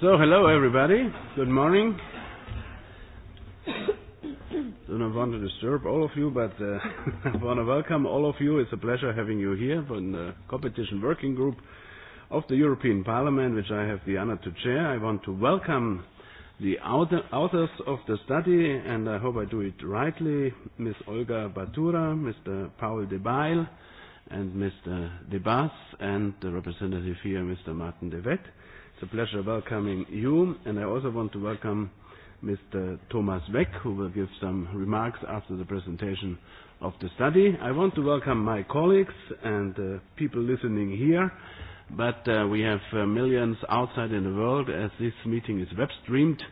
So, hello everybody. Good morning. Don't want to disturb all of you, but uh, I want to welcome all of you. It's a pleasure having you here from the Competition Working Group of the European Parliament, which I have the honor to chair. I want to welcome the authors of the study, and I hope I do it rightly, Ms. Olga Batura, Mr. Paul de Bail, and Mr. De Bas, and the representative here, Mr. Martin de Wett. It's a pleasure welcoming you, and I also want to welcome Mr. Thomas Weck, who will give some remarks after the presentation of the study. I want to welcome my colleagues and people listening here, but we have millions outside in the world as this meeting is web streamed,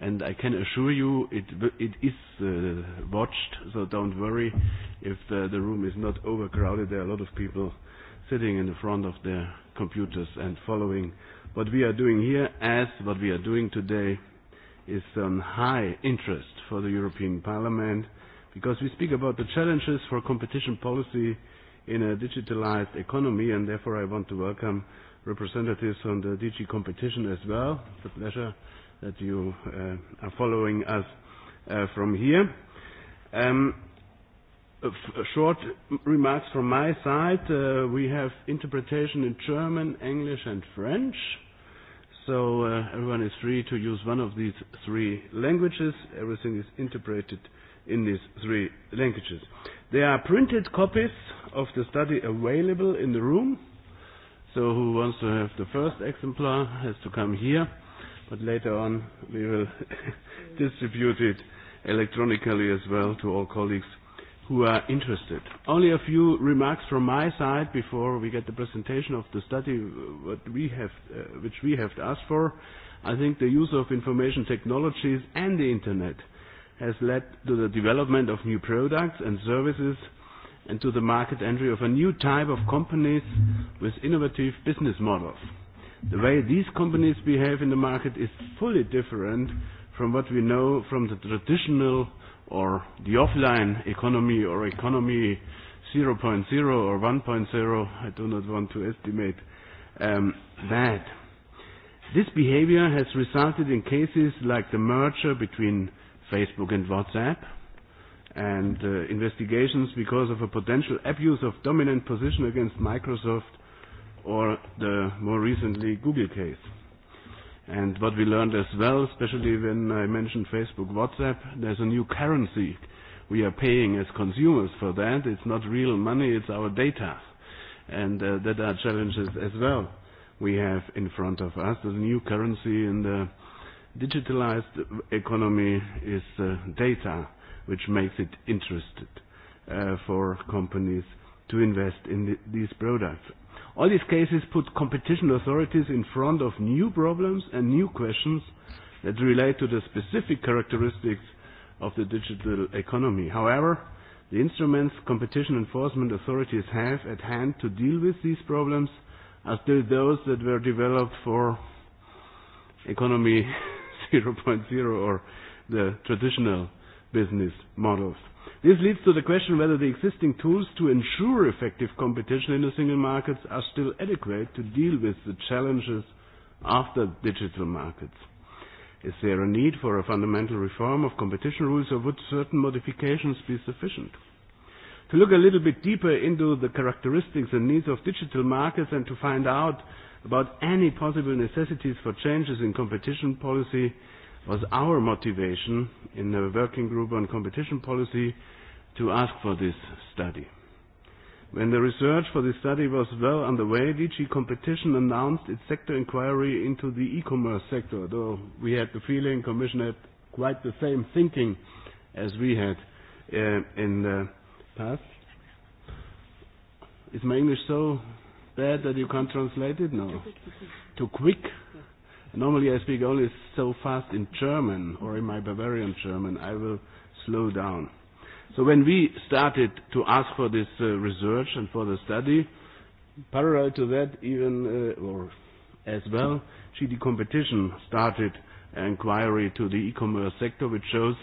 and I can assure you it it is watched, so don't worry if the room is not overcrowded. There are a lot of people sitting in the front of their computers and following What we are doing here, as what we are doing today, is on high interest for the European Parliament because we speak about the challenges for competition policy in a digitalized economy and therefore I want to welcome representatives on the DG competition as well. It's a pleasure that you are following us from here. Um, short remarks from my side. we have interpretation in German, English and French so everyone is free to use one of these three languages. Everything is interpreted in these three languages. There are printed copies of the study available in the room. So who wants to have the first exemplar has to come here. But later on we will distribute it electronically as well to all colleagues who are interested. Only a few remarks from my side before we get the presentation of the study what we have, which we have asked for. I think the use of information technologies and the Internet has led to the development of new products and services and to the market entry of a new type of companies with innovative business models. The way these companies behave in the market is fully different from what we know from the traditional or the offline economy or economy 0.0 or 1.0, I do not want to estimate um, that. This behavior has resulted in cases like the merger between Facebook and WhatsApp and investigations because of a potential abuse of dominant position against Microsoft or the more recently Google case. And what we learned as well, especially when I mentioned Facebook, WhatsApp, there's a new currency we are paying as consumers for that. It's not real money, it's our data. And that are challenges as well we have in front of us. The new currency in the digitalized economy is data, which makes it interested for companies to invest in these products. All these cases put competition authorities in front of new problems and new questions that relate to the specific characteristics of the digital economy. However, the instruments competition enforcement authorities have at hand to deal with these problems are still those that were developed for economy 0.0 or the traditional business models. This leads to the question whether the existing tools to ensure effective competition in the single markets are still adequate to deal with the challenges after digital markets. Is there a need for a fundamental reform of competition rules or would certain modifications be sufficient? To look a little bit deeper into the characteristics and needs of digital markets and to find out about any possible necessities for changes in competition policy was our motivation in the working group on competition policy to ask for this study. When the research for this study was well underway, DG Competition announced its sector inquiry into the e-commerce sector, though we had the feeling Commission had quite the same thinking as we had in the past. Is my English so bad that you can't translate it? No. Too quick. Normally I speak only so fast in German or in my Bavarian German. I will slow down. So when we started to ask for this research and for the study, parallel to that even or as well, GD Competition started an inquiry to the e-commerce sector which shows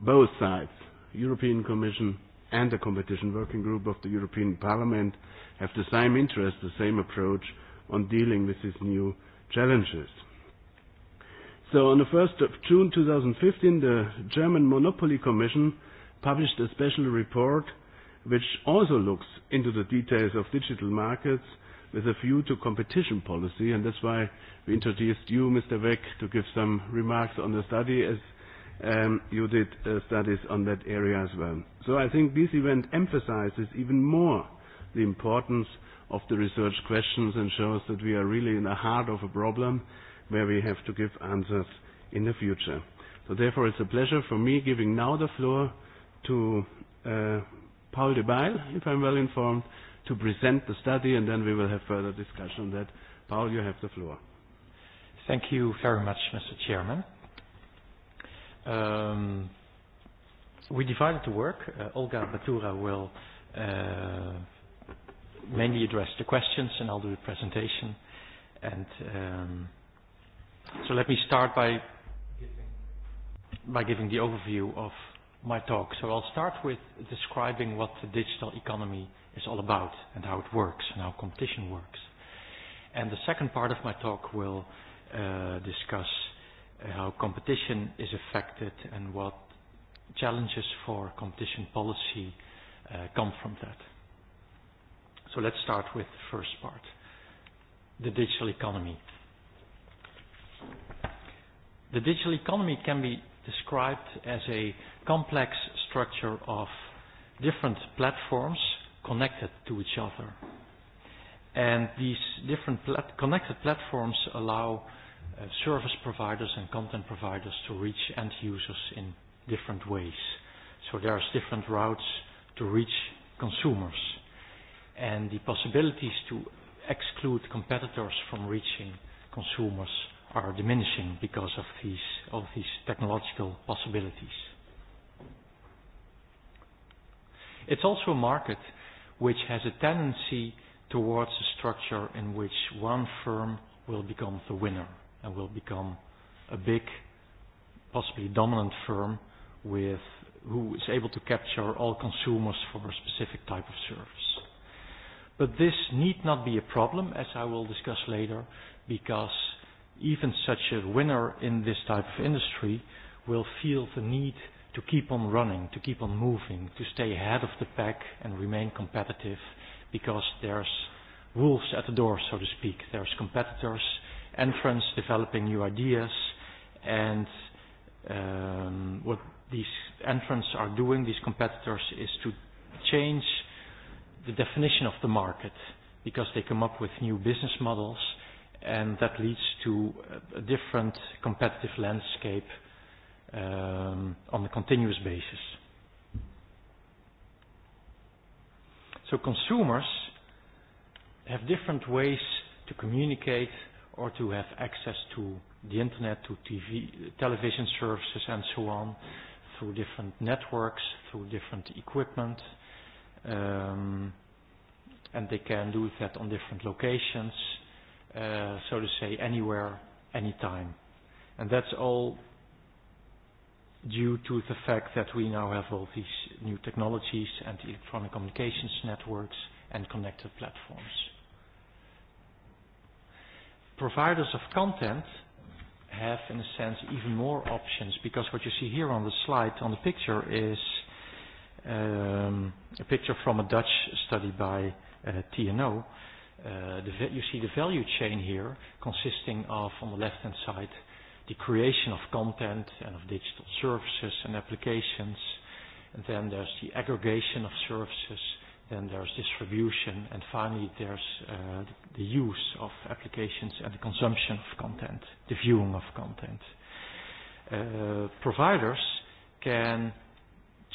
both sides, European Commission and the Competition Working Group of the European Parliament have the same interest, the same approach on dealing with this new challenges. So on the 1st of June 2015, the German Monopoly Commission published a special report which also looks into the details of digital markets with a view to competition policy, and that's why we introduced you, Mr. Weck, to give some remarks on the study, as um, you did studies on that area as well. So I think this event emphasizes even more the importance of the research questions and shows that we are really in the heart of a problem where we have to give answers in the future. So therefore it's a pleasure for me giving now the floor to Paul de Bail, if I'm well informed, to present the study and then we will have further discussion on that. Paul, you have the floor. Thank you very much, Mr. Chairman. Um, we divided the work. Olga Batura will mainly address the questions, and I'll do the presentation. And um, so let me start by by giving the overview of my talk. So I'll start with describing what the digital economy is all about and how it works and how competition works. And the second part of my talk will uh, discuss how competition is affected and what challenges for competition policy come from that. So let's start with the first part, the digital economy. The digital economy can be described as a complex structure of different platforms connected to each other. And these different connected platforms allow service providers and content providers to reach end users in different ways. So there are different routes to reach consumers and the possibilities to exclude competitors from reaching consumers are diminishing because of these of these technological possibilities. It's also a market which has a tendency towards a structure in which one firm will become the winner and will become a big, possibly dominant firm with who is able to capture all consumers for a specific type of service. But this need not be a problem, as I will discuss later, because even such a winner in this type of industry will feel the need to keep on running, to keep on moving, to stay ahead of the pack and remain competitive, because there's wolves at the door, so to speak. There's competitors, entrants developing new ideas, and um, what these entrants are doing, these competitors, is to change the definition of the market because they come up with new business models and that leads to a different competitive landscape um, on a continuous basis. So consumers have different ways to communicate or to have access to the internet, to TV, television services and so on, through different networks, through different equipment, um and they can do that on different locations, uh so to say anywhere, anytime. And that's all due to the fact that we now have all these new technologies and electronic communications networks and connected platforms. Providers of content have, in a sense, even more options because what you see here on the slide, on the picture, is a picture from a Dutch study by TNO. You see the value chain here consisting of, on the left-hand side, the creation of content and of digital services and applications. And then there's the aggregation of services. Then there's distribution. And finally, there's the use of applications and the consumption of content, the viewing of content. Providers can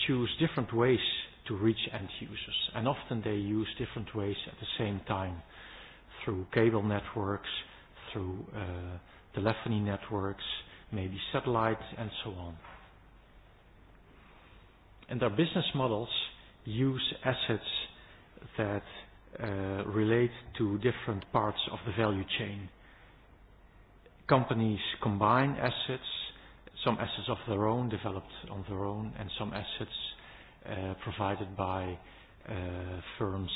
choose different ways to reach end users. And often they use different ways at the same time through cable networks, through telephony networks, maybe satellites, and so on. And their business models use assets that relate to different parts of the value chain. Companies combine assets some assets of their own, developed on their own, and some assets provided by firms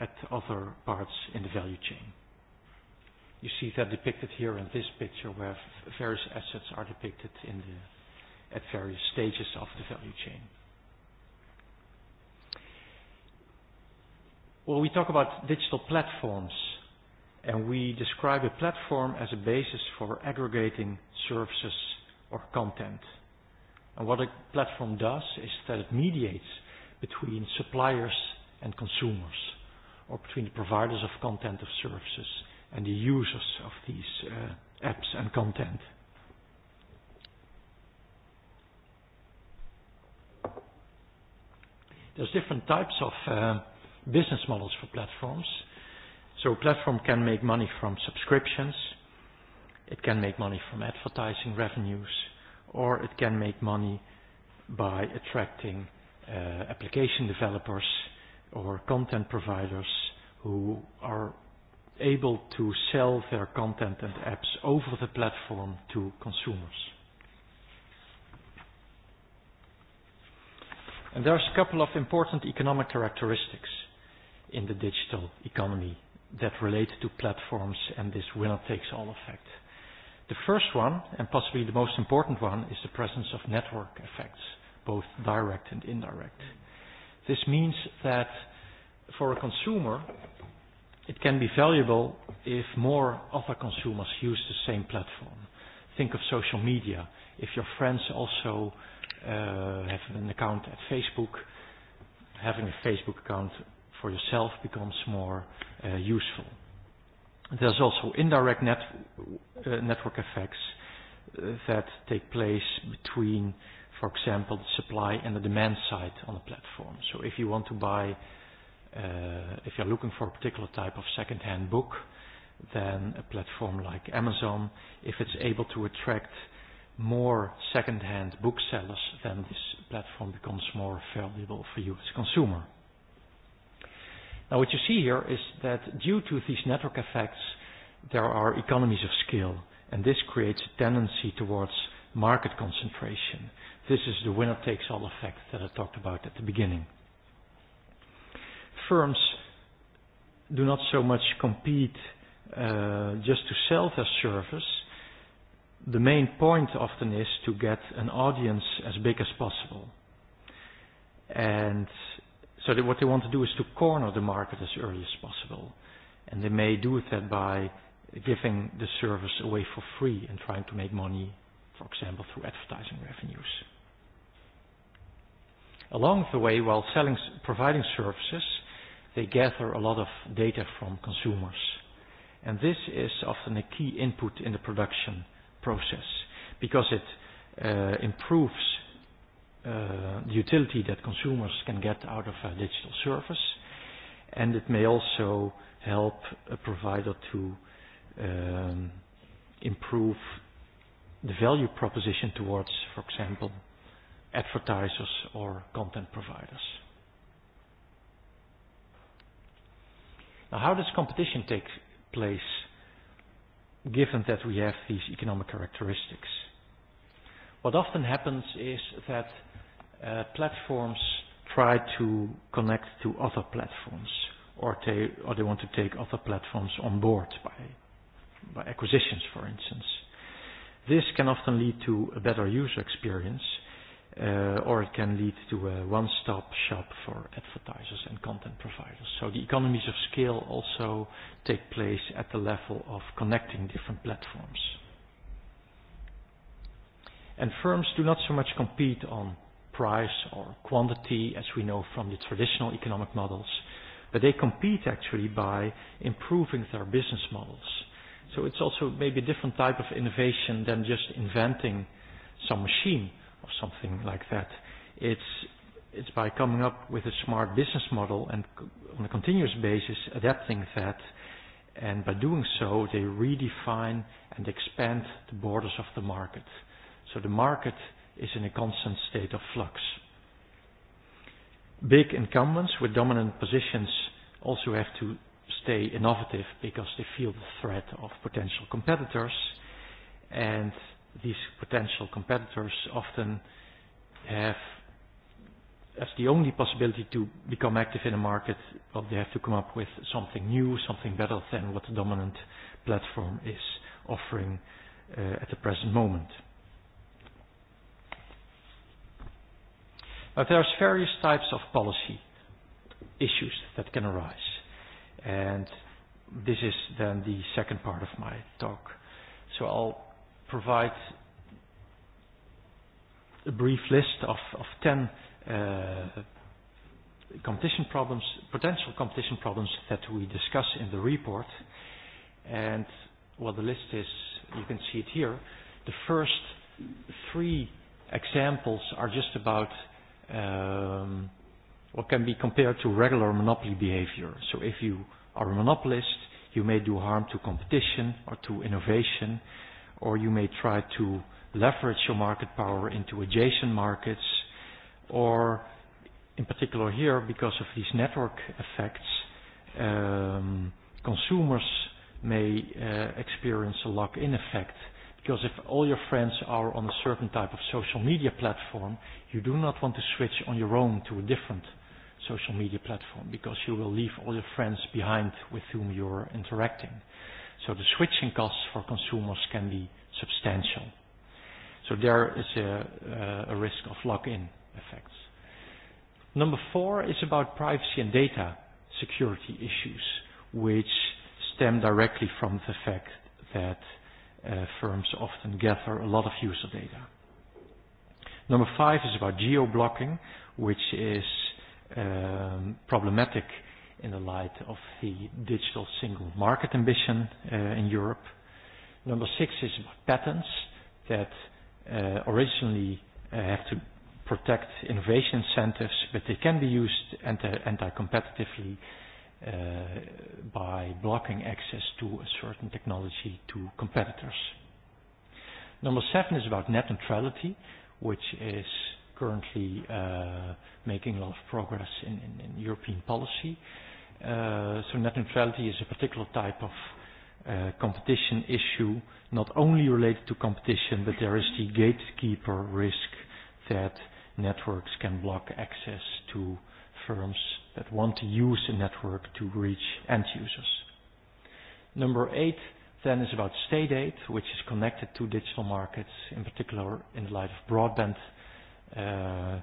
at other parts in the value chain. You see that depicted here in this picture where various assets are depicted in the, at various stages of the value chain. Well, we talk about digital platforms and we describe a platform as a basis for aggregating services or content. And what a platform does is that it mediates between suppliers and consumers, or between the providers of content of services and the users of these apps and content. There's different types of business models for platforms. So a platform can make money from subscriptions, It can make money from advertising revenues, or it can make money by attracting application developers or content providers who are able to sell their content and apps over the platform to consumers. And there's a couple of important economic characteristics in the digital economy that relate to platforms and this winner-takes-all effect. The first one, and possibly the most important one, is the presence of network effects, both direct and indirect. This means that for a consumer, it can be valuable if more other consumers use the same platform. Think of social media. If your friends also have an account at Facebook, having a Facebook account for yourself becomes more useful. There's also indirect network effects that take place between, for example, the supply and the demand side on the platform. So if you want to buy, if you're looking for a particular type of second-hand book, then a platform like Amazon, if it's able to attract more second-hand booksellers, then this platform becomes more valuable for you as a consumer. Now what you see here is that due to these network effects, there are economies of scale, and this creates a tendency towards market concentration. This is the winner-takes-all effect that I talked about at the beginning. Firms do not so much compete uh, just to sell their service. The main point often is to get an audience as big as possible. And So what they want to do is to corner the market as early as possible. And they may do that by giving the service away for free and trying to make money, for example, through advertising revenues. Along the way, while selling, providing services, they gather a lot of data from consumers. And this is often a key input in the production process because it uh, improves the utility that consumers can get out of a digital service, and it may also help a provider to um, improve the value proposition towards, for example, advertisers or content providers. Now, how does competition take place given that we have these economic characteristics? What often happens is that platforms try to connect to other platforms or they or they want to take other platforms on board by by acquisitions for instance. This can often lead to a better user experience or it can lead to a one-stop shop for advertisers and content providers. So the economies of scale also take place at the level of connecting different platforms. And firms do not so much compete on price or quantity, as we know from the traditional economic models, but they compete actually by improving their business models. So it's also maybe a different type of innovation than just inventing some machine or something like that. It's it's by coming up with a smart business model and on a continuous basis adapting that and by doing so they redefine and expand the borders of the market. So the market is in a constant state of flux. Big incumbents with dominant positions also have to stay innovative because they feel the threat of potential competitors and these potential competitors often have as the only possibility to become active in a market, well, they have to come up with something new, something better than what the dominant platform is offering at the present moment. there's various types of policy issues that can arise. And this is then the second part of my talk. So I'll provide a brief list of, of 10 competition problems, potential competition problems that we discuss in the report. And well, the list is, you can see it here. The first three examples are just about um, or can be compared to regular monopoly behavior. So if you are a monopolist, you may do harm to competition or to innovation, or you may try to leverage your market power into adjacent markets, or in particular here, because of these network effects, um, consumers may uh, experience a lock-in effect Because if all your friends are on a certain type of social media platform, you do not want to switch on your own to a different social media platform because you will leave all your friends behind with whom you're interacting. So the switching costs for consumers can be substantial. So there is a, a risk of lock-in effects. Number four is about privacy and data security issues, which stem directly from the fact that firms often gather a lot of user data. Number five is about geo-blocking, which is problematic in the light of the digital single market ambition in Europe. Number six is about patents that originally have to protect innovation incentives, but they can be used anti-competitively by blocking access to a certain technology to competitors. Number seven is about net neutrality, which is currently making a lot of progress in in European policy. So net neutrality is a particular type of competition issue, not only related to competition, but there is the gatekeeper risk that networks can block access to firms that want to use the network to reach end users. Number eight then is about state aid, which is connected to digital markets, in particular in the light of broadband uh,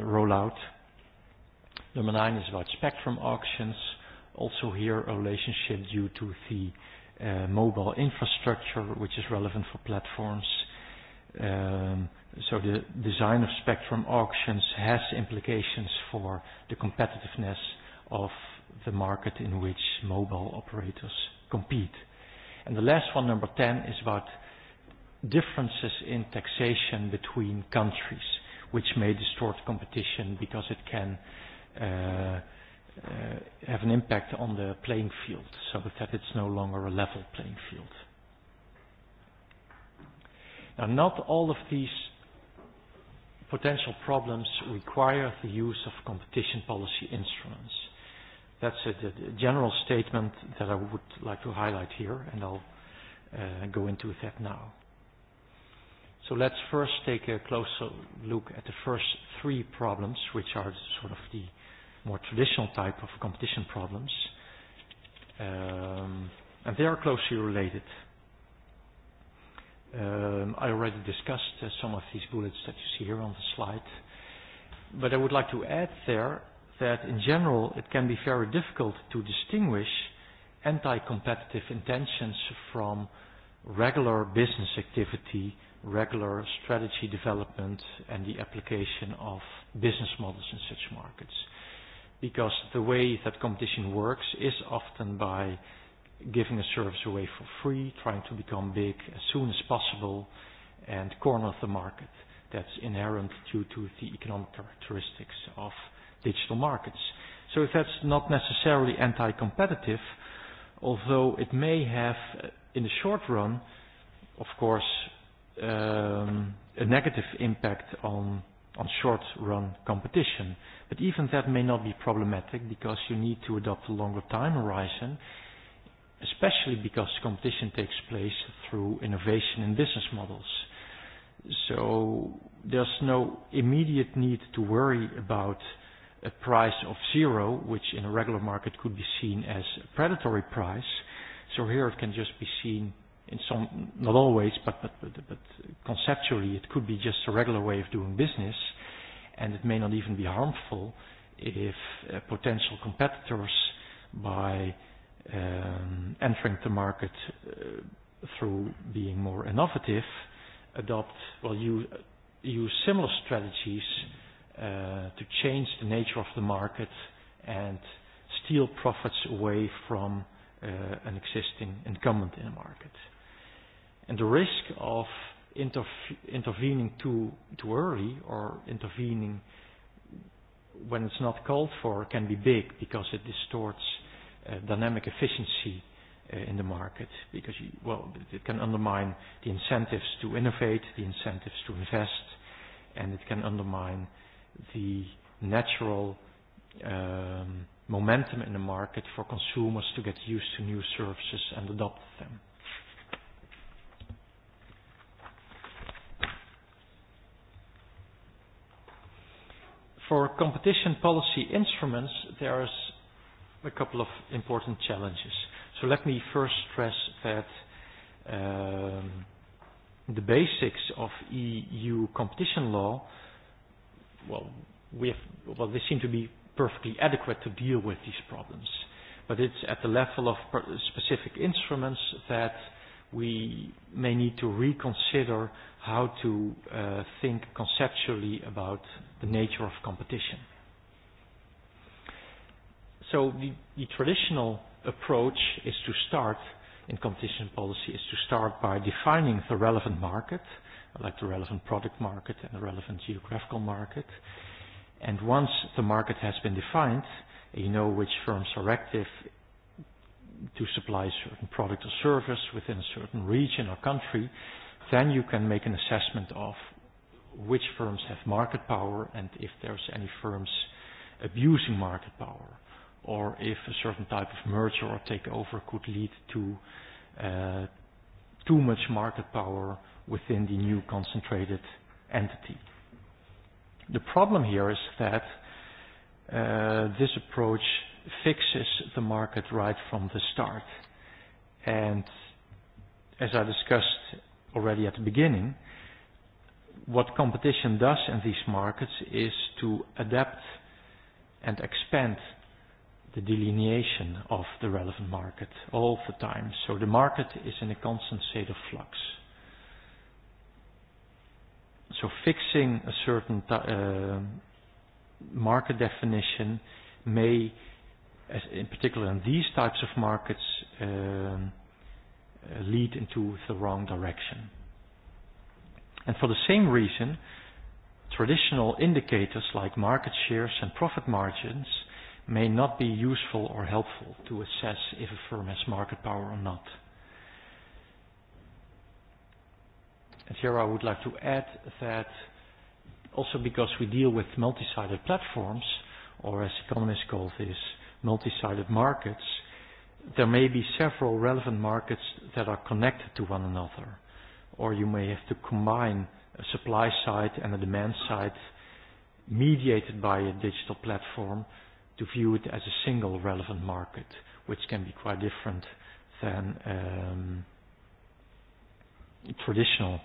rollout. Number nine is about spectrum auctions, also here a relationship due to the mobile infrastructure, which is relevant for platforms. Um, So the design of spectrum auctions has implications for the competitiveness of the market in which mobile operators compete. And the last one, number 10, is about differences in taxation between countries, which may distort competition because it can uh, have an impact on the playing field, so that it's no longer a level playing field. Now, not all of these potential problems require the use of competition policy instruments. That's a general statement that I would like to highlight here, and I'll go into that now. So let's first take a closer look at the first three problems, which are sort of the more traditional type of competition problems, and they are closely related. Um, I already discussed some of these bullets that you see here on the slide. But I would like to add there that in general it can be very difficult to distinguish anti-competitive intentions from regular business activity, regular strategy development and the application of business models in such markets. Because the way that competition works is often by giving a service away for free, trying to become big as soon as possible, and corner the market. That's inherent due to the economic characteristics of digital markets. So that's not necessarily anti-competitive, although it may have, in the short run, of course, um, a negative impact on on short-run competition. But even that may not be problematic because you need to adopt a longer time horizon especially because competition takes place through innovation in business models. So there's no immediate need to worry about a price of zero, which in a regular market could be seen as a predatory price. So here it can just be seen in some, not always, but, but, but, but conceptually it could be just a regular way of doing business and it may not even be harmful if potential competitors by entering the market through being more innovative, adopt, well, use similar strategies to change the nature of the market and steal profits away from an existing incumbent in the market. And the risk of intervening too too early or intervening when it's not called for can be big because it distorts dynamic efficiency in the market because you, well it can undermine the incentives to innovate, the incentives to invest, and it can undermine the natural momentum in the market for consumers to get used to new services and adopt them. For competition policy instruments, there is a couple of important challenges. So let me first stress that the basics of EU competition law, well, we have, well, they seem to be perfectly adequate to deal with these problems. But it's at the level of specific instruments that we may need to reconsider how to think conceptually about the nature of competition. So the, the traditional approach is to start in competition policy is to start by defining the relevant market, like the relevant product market and the relevant geographical market. And once the market has been defined, you know which firms are active to supply a certain product or service within a certain region or country, then you can make an assessment of which firms have market power and if there's any firms abusing market power or if a certain type of merger or takeover could lead to too much market power within the new concentrated entity. The problem here is that this approach fixes the market right from the start. And as I discussed already at the beginning, what competition does in these markets is to adapt and expand the delineation of the relevant market all the time. So the market is in a constant state of flux. So fixing a certain market definition may, as in particular in these types of markets, lead into the wrong direction. And for the same reason, traditional indicators like market shares and profit margins – may not be useful or helpful to assess if a firm has market power or not. And here I would like to add that also because we deal with multi-sided platforms, or as economists call this, multi-sided markets, there may be several relevant markets that are connected to one another. Or you may have to combine a supply side and a demand side mediated by a digital platform to view it as a single relevant market, which can be quite different than um, traditional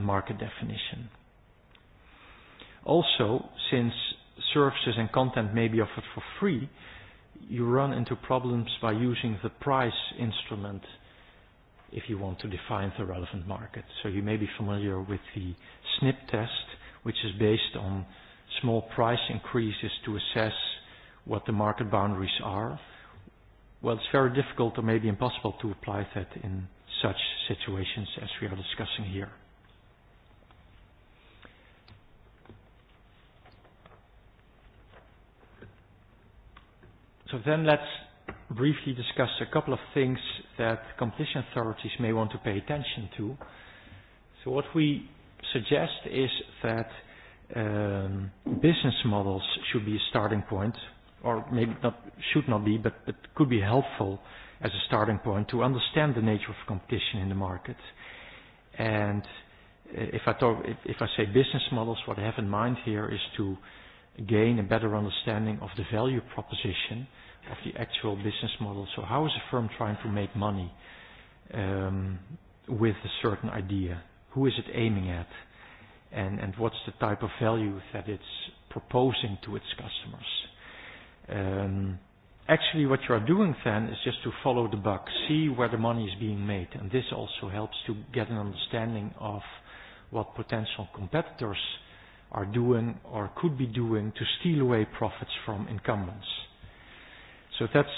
market definition. Also, since services and content may be offered for free, you run into problems by using the price instrument if you want to define the relevant market. So you may be familiar with the SNP test, which is based on small price increases to assess what the market boundaries are, well, it's very difficult or maybe impossible to apply that in such situations as we are discussing here. So then let's briefly discuss a couple of things that competition authorities may want to pay attention to. So what we suggest is that um, business models should be a starting point or maybe not should not be, but but could be helpful as a starting point to understand the nature of competition in the market. And if I talk, if I say business models, what I have in mind here is to gain a better understanding of the value proposition of the actual business model. So how is a firm trying to make money um, with a certain idea? Who is it aiming at? And, and what's the type of value that it's proposing to its customers? Um, actually, what you are doing then is just to follow the buck, see where the money is being made, and this also helps to get an understanding of what potential competitors are doing or could be doing to steal away profits from incumbents. So that's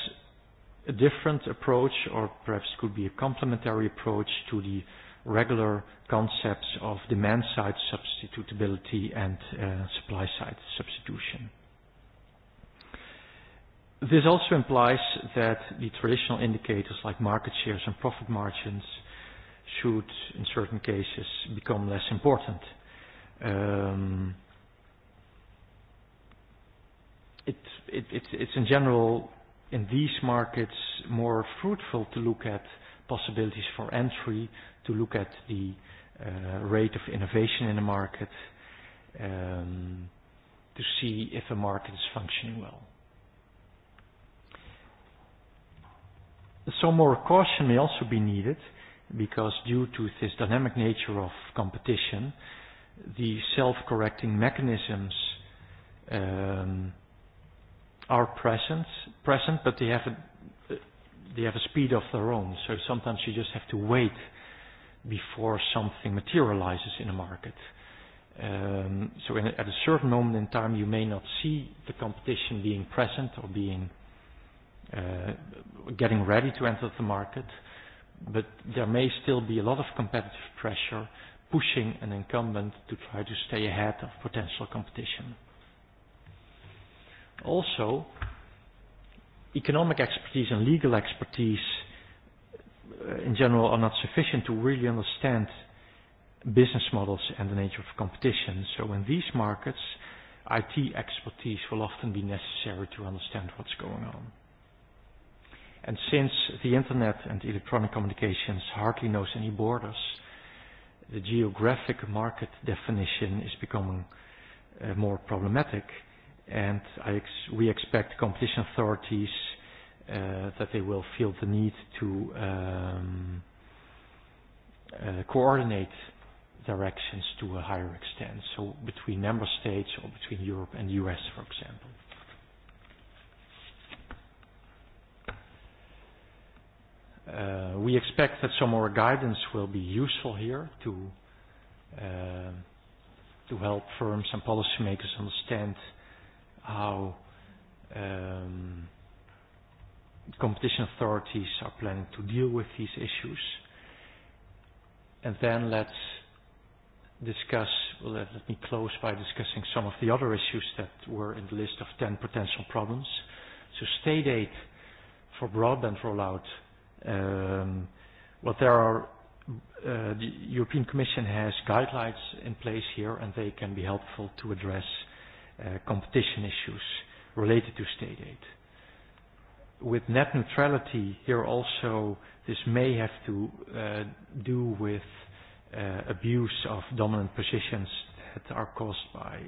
a different approach or perhaps could be a complementary approach to the regular concepts of demand-side substitutability and supply-side substitution. This also implies that the traditional indicators like market shares and profit margins should, in certain cases, become less important. Um, it, it, it's, in general, in these markets, more fruitful to look at possibilities for entry, to look at the uh, rate of innovation in a market, um, to see if a market is functioning well. Some more caution may also be needed because due to this dynamic nature of competition, the self-correcting mechanisms um, are present, present, but they have a, they have a speed of their own. So sometimes you just have to wait before something materializes in a market. Um, so in, at a certain moment in time, you may not see the competition being present or being getting ready to enter the market, but there may still be a lot of competitive pressure pushing an incumbent to try to stay ahead of potential competition. Also, economic expertise and legal expertise in general are not sufficient to really understand business models and the nature of competition. So in these markets, IT expertise will often be necessary to understand what's going on. And since the Internet and electronic communications hardly knows any borders, the geographic market definition is becoming more problematic, and we expect competition authorities that they will feel the need to coordinate directions to a higher extent, so between member states or between Europe and the US, for example. We expect that some more guidance will be useful here to to help firms and policymakers understand how competition authorities are planning to deal with these issues. And then let's discuss, let me close by discussing some of the other issues that were in the list of 10 potential problems. So state aid for broadband rollout Well, there are, the European Commission has guidelines in place here, and they can be helpful to address competition issues related to state aid. With net neutrality, here also this may have to do with abuse of dominant positions that are caused by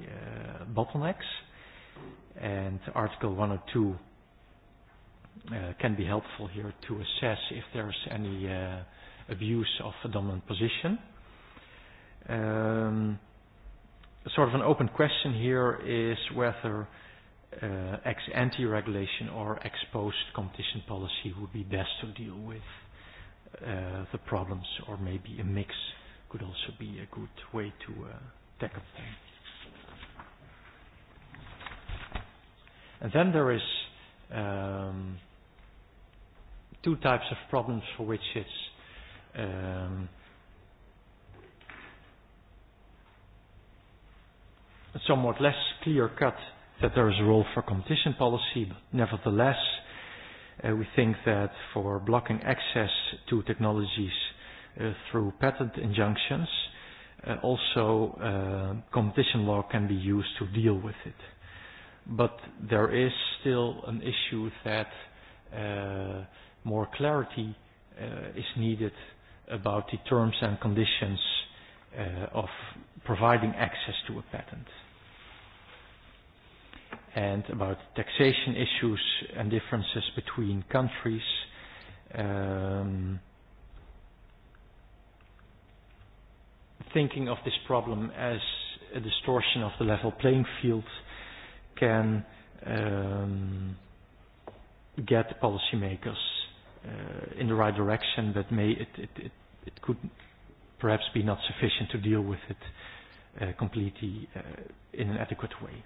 bottlenecks. And Article 102 can be helpful here to assess if there's any abuse of a dominant position. Um, sort of an open question here is whether uh, ex ante regulation or ex post competition policy would be best to deal with uh, the problems, or maybe a mix could also be a good way to uh, tackle them. And then there is um, two types of problems for which it's um, somewhat less clear-cut that there is a role for competition policy, but nevertheless, we think that for blocking access to technologies through patent injunctions, also competition law can be used to deal with it. But there is still an issue that more clarity is needed about the terms and conditions of providing access to a patent. And about taxation issues and differences between countries. Um, thinking of this problem as a distortion of the level playing field can um, get policymakers in the right direction, but may it it it it could perhaps be not sufficient to deal with it completely in an adequate way.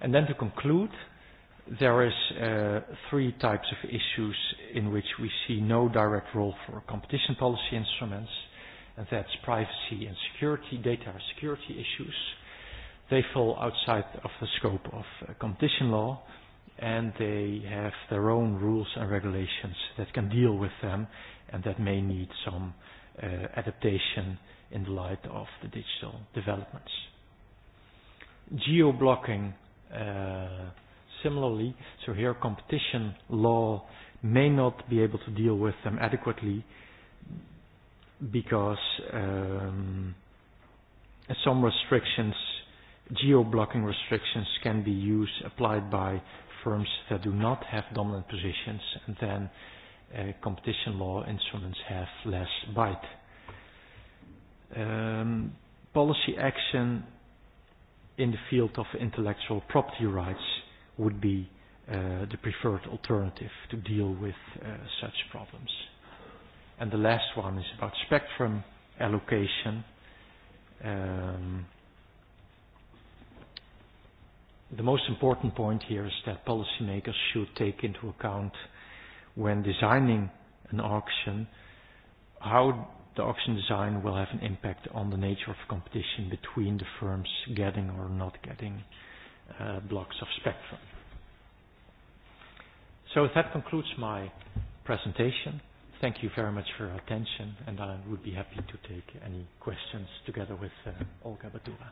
And then to conclude, there is three types of issues in which we see no direct role for competition policy instruments, and that's privacy and security, data security issues. They fall outside of the scope of competition law, and they have their own rules and regulations that can deal with them and that may need some adaptation in the light of the digital developments. Geo-blocking, similarly, so here competition law may not be able to deal with them adequately because some restrictions, geo-blocking restrictions can be used, applied by firms that do not have dominant positions, and then competition law instruments have less bite. Um, policy action in the field of intellectual property rights would be the preferred alternative to deal with such problems. And the last one is about spectrum allocation. Um, the most important point here is that policymakers should take into account when designing an auction how the auction design will have an impact on the nature of competition between the firms getting or not getting blocks of spectrum. So that concludes my presentation. Thank you very much for your attention, and I would be happy to take any questions together with Olga Batura.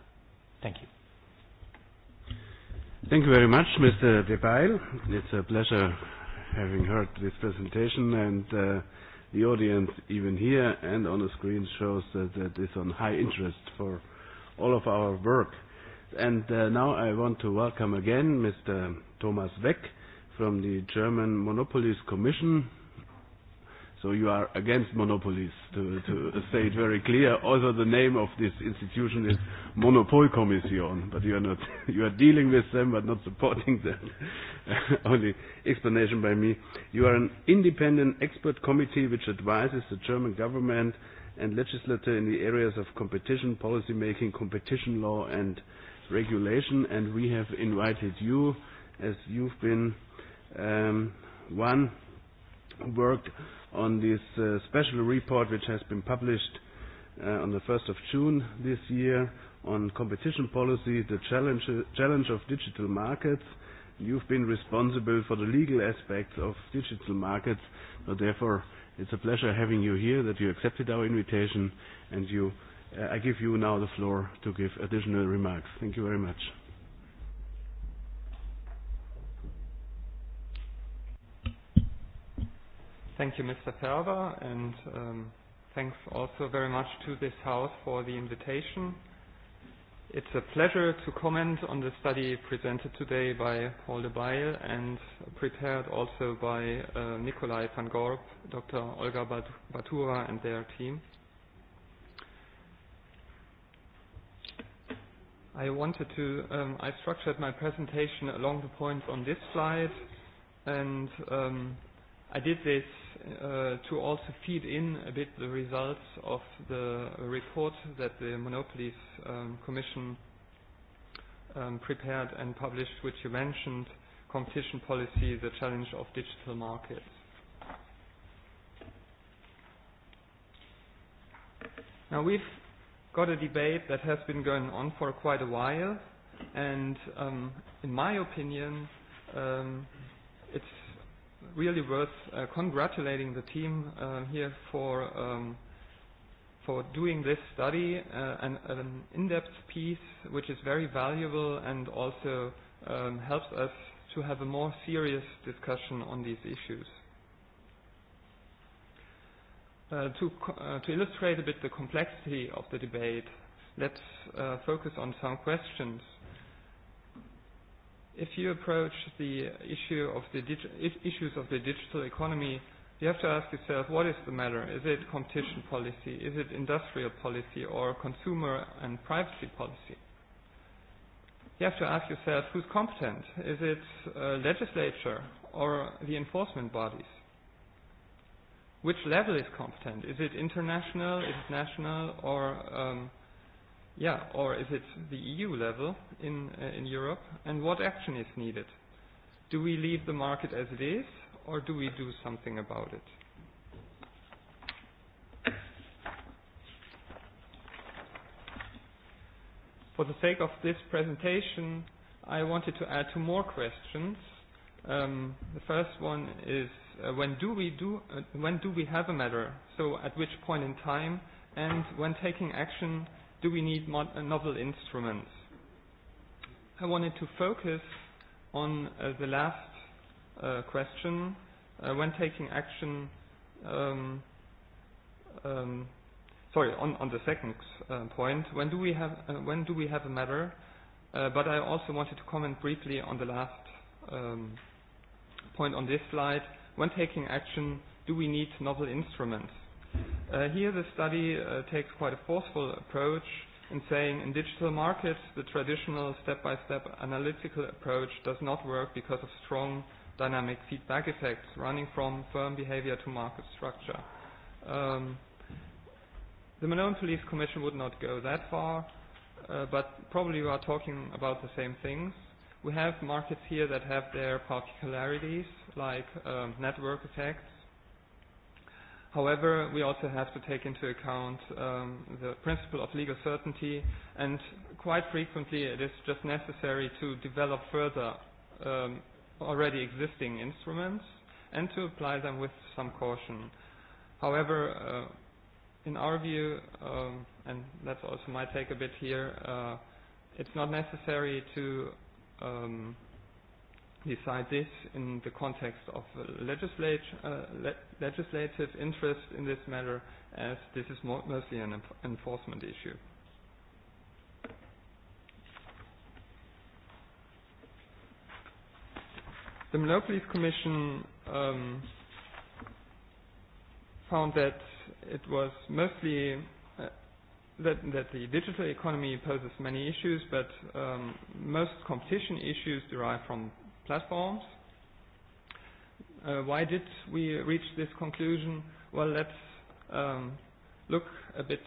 Thank you. Thank you very much, Mr. De Depail. It's a pleasure having heard this presentation and uh, the audience even here and on the screen shows that, that is on high interest for all of our work. And uh, now I want to welcome again Mr. Thomas Weck from the German Monopolies Commission So you are against monopolies, to, to say it very clear. Also, the name of this institution is Monopol Commission, but you are not, you are dealing with them, but not supporting them. Only explanation by me. You are an independent expert committee which advises the German government and legislature in the areas of competition, policy making, competition law and regulation. And we have invited you, as you've been um, one worked on this special report which has been published on the 1st of June this year on competition policy, the challenge of digital markets. You've been responsible for the legal aspects of digital markets, so therefore it's a pleasure having you here, that you accepted our invitation, and you, I give you now the floor to give additional remarks. Thank you very much. Thank you, Mr. Ferber, and um, thanks also very much to this House for the invitation. It's a pleasure to comment on the study presented today by Paul de Beil and prepared also by uh, Nikolai van Gorp, Dr. Olga Batura and their team. I wanted to, um, I structured my presentation along the points on this slide and um, I did this to also feed in a bit the results of the report that the Monopolies Commission prepared and published, which you mentioned, Competition Policy, the Challenge of Digital Markets. Now we've got a debate that has been going on for quite a while, and in my opinion, it's really worth congratulating the team here for for doing this study, an an in-depth piece which is very valuable and also helps us to have a more serious discussion on these issues. To to illustrate a bit the complexity of the debate, let's focus on some questions if you approach the issue of the issues of the digital economy, you have to ask yourself, what is the matter? Is it competition policy? Is it industrial policy or consumer and privacy policy? You have to ask yourself, who's competent? Is it legislature or the enforcement bodies? Which level is competent? Is it international, is it national, or um, yeah, or is it the EU level in, in Europe, and what action is needed. Do we leave the market as it is, or do we do something about it? For the sake of this presentation, I wanted to add two more questions. Um, the first one is uh, when do we do uh, when do we have a matter? So at which point in time, and when taking action, do we need novel instruments? I wanted to focus on the last question. When taking action, sorry, on on the second point, when do we have when do we have a matter? But I also wanted to comment briefly on the last point on this slide. When taking action, do we need novel instruments? Here the study takes quite a forceful approach in saying in digital markets the traditional step-by-step analytical approach does not work because of strong dynamic feedback effects running from firm behavior to market structure. The Malone Police Commission would not go that far, but probably we are talking about the same things. We have markets here that have their particularities, like network effects, However, we also have to take into account um the principle of legal certainty, and quite frequently it is just necessary to develop further um already existing instruments and to apply them with some caution. However, in our view, um and that's also my take a bit here, uh it's not necessary to um decide this in the context of legislative interest in this matter as this is mostly an enforcement issue. The Police Commission um, found that it was mostly that that the digital economy poses many issues, but um, most competition issues derive from platforms. Why did we reach this conclusion? Well, let's um look a bit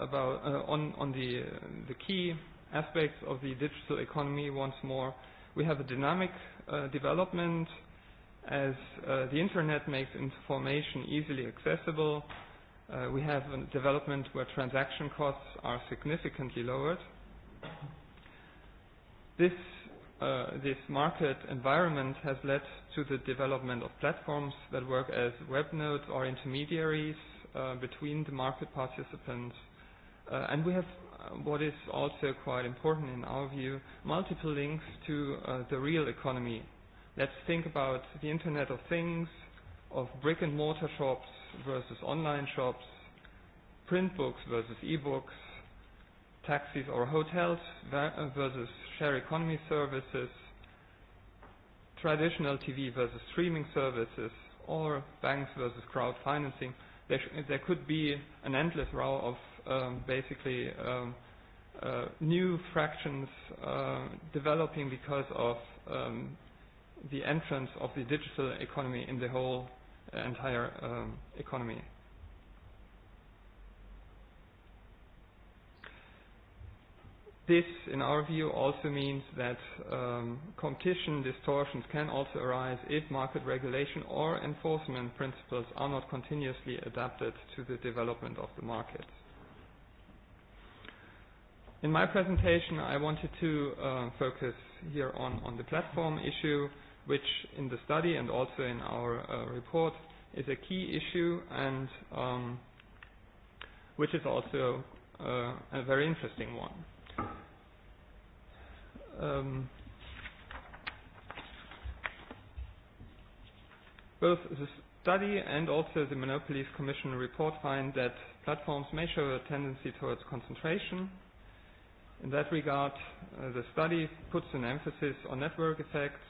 about on on the the key aspects of the digital economy once more. We have a dynamic development as the internet makes information easily accessible. We have a development where transaction costs are significantly lowered. This this market environment has led to the development of platforms that work as web nodes or intermediaries between the market participants. And we have what is also quite important in our view, multiple links to the real economy. Let's think about the Internet of Things, of brick and mortar shops versus online shops, print books versus e-books, taxis or hotels versus share economy services, traditional TV versus streaming services, or banks versus crowd financing. There, there could be an endless row of um, basically um, uh, new fractions uh, developing because of um, the entrance of the digital economy in the whole entire um, economy. This, in our view, also means that competition distortions can also arise if market regulation or enforcement principles are not continuously adapted to the development of the market. In my presentation, I wanted to focus here on the platform issue, which in the study and also in our report is a key issue and which is also a very interesting one both the study and also the Monopolies Commission report find that platforms may show a tendency towards concentration. In that regard, the study puts an emphasis on network effects.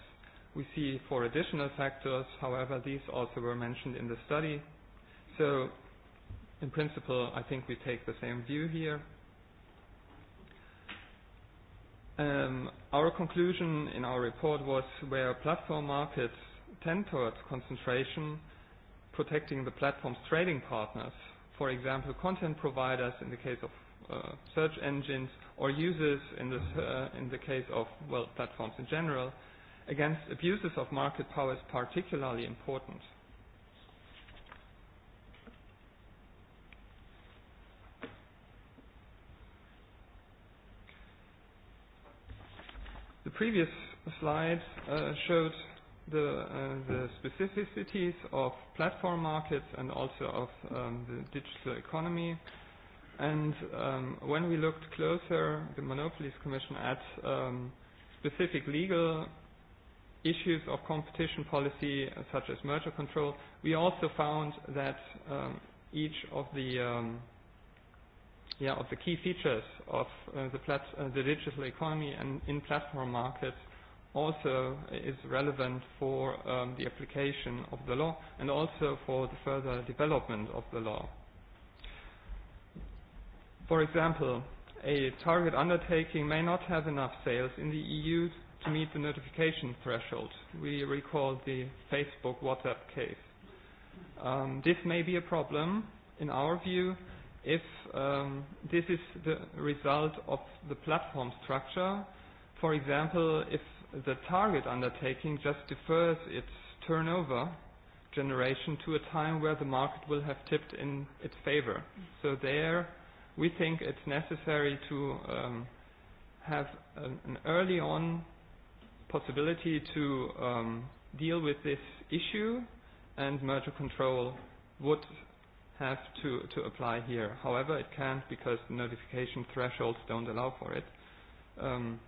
We see four additional factors, however, these also were mentioned in the study. So, in principle, I think we take the same view here. Our conclusion in our report was where platform markets tend towards concentration, protecting the platform's trading partners, for example, content providers in the case of search engines or users in the case of, well, platforms in general, against abuses of market power is particularly important. previous slide showed the the specificities of platform markets and also of the digital economy. And when we looked closer, the Monopolies Commission, at specific legal issues of competition policy, such as merger control, we also found that each of the yeah, of the key features of the, plat the digital economy and in-platform markets also is relevant for the application of the law and also for the further development of the law. For example, a target undertaking may not have enough sales in the EU to meet the notification threshold. We recall the Facebook WhatsApp case. Um, this may be a problem, in our view, If this is the result of the platform structure, for example, if the target undertaking just defers its turnover generation to a time where the market will have tipped in its favor. So there we think it's necessary to have an early on possibility to deal with this issue and merger control would have to, to apply here. However, it can't because the notification thresholds don't allow for it. Um,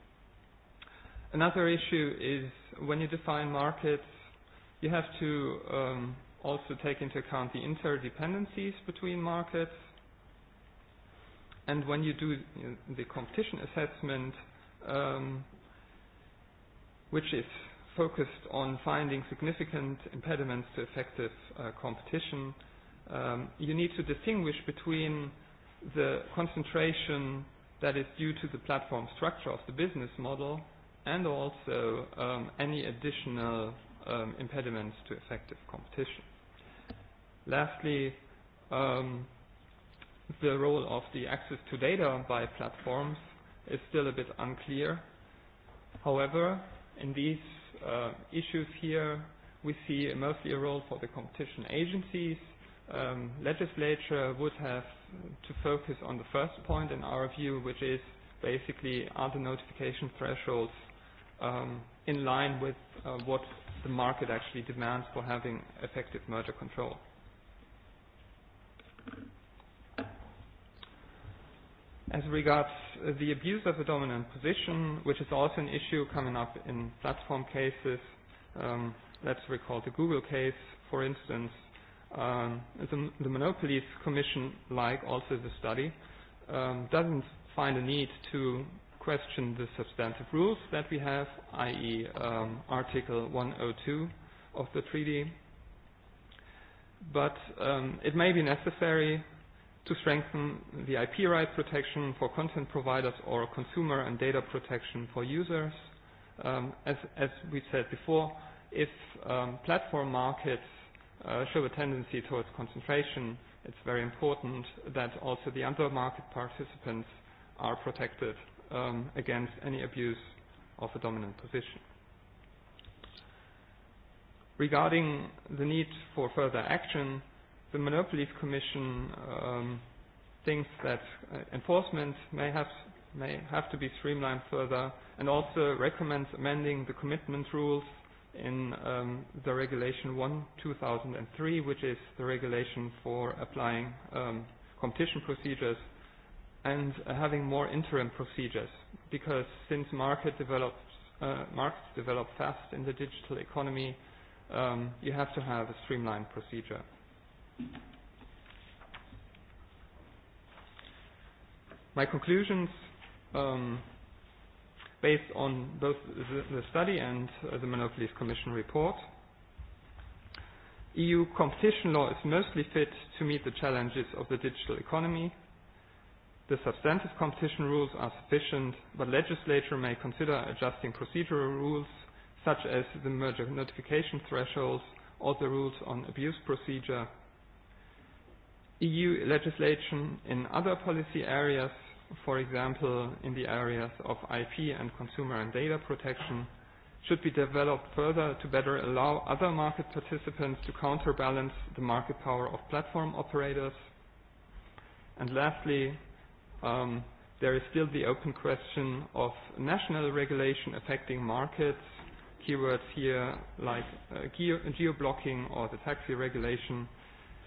another issue is when you define markets, you have to um, also take into account the interdependencies between markets. And when you do the competition assessment, um, which is focused on finding significant impediments to effective competition, you need to distinguish between the concentration that is due to the platform structure of the business model and also any additional impediments to effective competition. Lastly, the role of the access to data by platforms is still a bit unclear. However, in these issues here, we see mostly a role for the competition agencies um legislature would have to focus on the first point in our view, which is basically are the notification thresholds um, in line with what the market actually demands for having effective merger control. As regards the abuse of the dominant position, which is also an issue coming up in platform cases, um, let's recall the Google case, for instance, the Monopolies Commission, like also the study, doesn't find a need to question the substantive rules that we have, i.e. Article 102 of the treaty, but it may be necessary to strengthen the IP right protection for content providers or consumer and data protection for users. As we said before, if platform markets show a tendency towards concentration, it's very important that also the under market participants are protected against any abuse of a dominant position. Regarding the need for further action, the Monopolies Commission thinks that enforcement may have may have to be streamlined further and also recommends amending the commitment rules in um the Regulation 1 2003, which is the regulation for applying um competition procedures and having more interim procedures, because since market develops, markets develop fast in the digital economy, um you have to have a streamlined procedure. My conclusions. Um, based on both the study and the Monopolies Commission report. EU competition law is mostly fit to meet the challenges of the digital economy. The substantive competition rules are sufficient, but legislature may consider adjusting procedural rules such as the merger notification thresholds or the rules on abuse procedure. EU legislation in other policy areas for example, in the areas of IP and consumer and data protection, should be developed further to better allow other market participants to counterbalance the market power of platform operators. And lastly, um, there is still the open question of national regulation affecting markets, keywords here like uh, geo-blocking or the taxi regulation,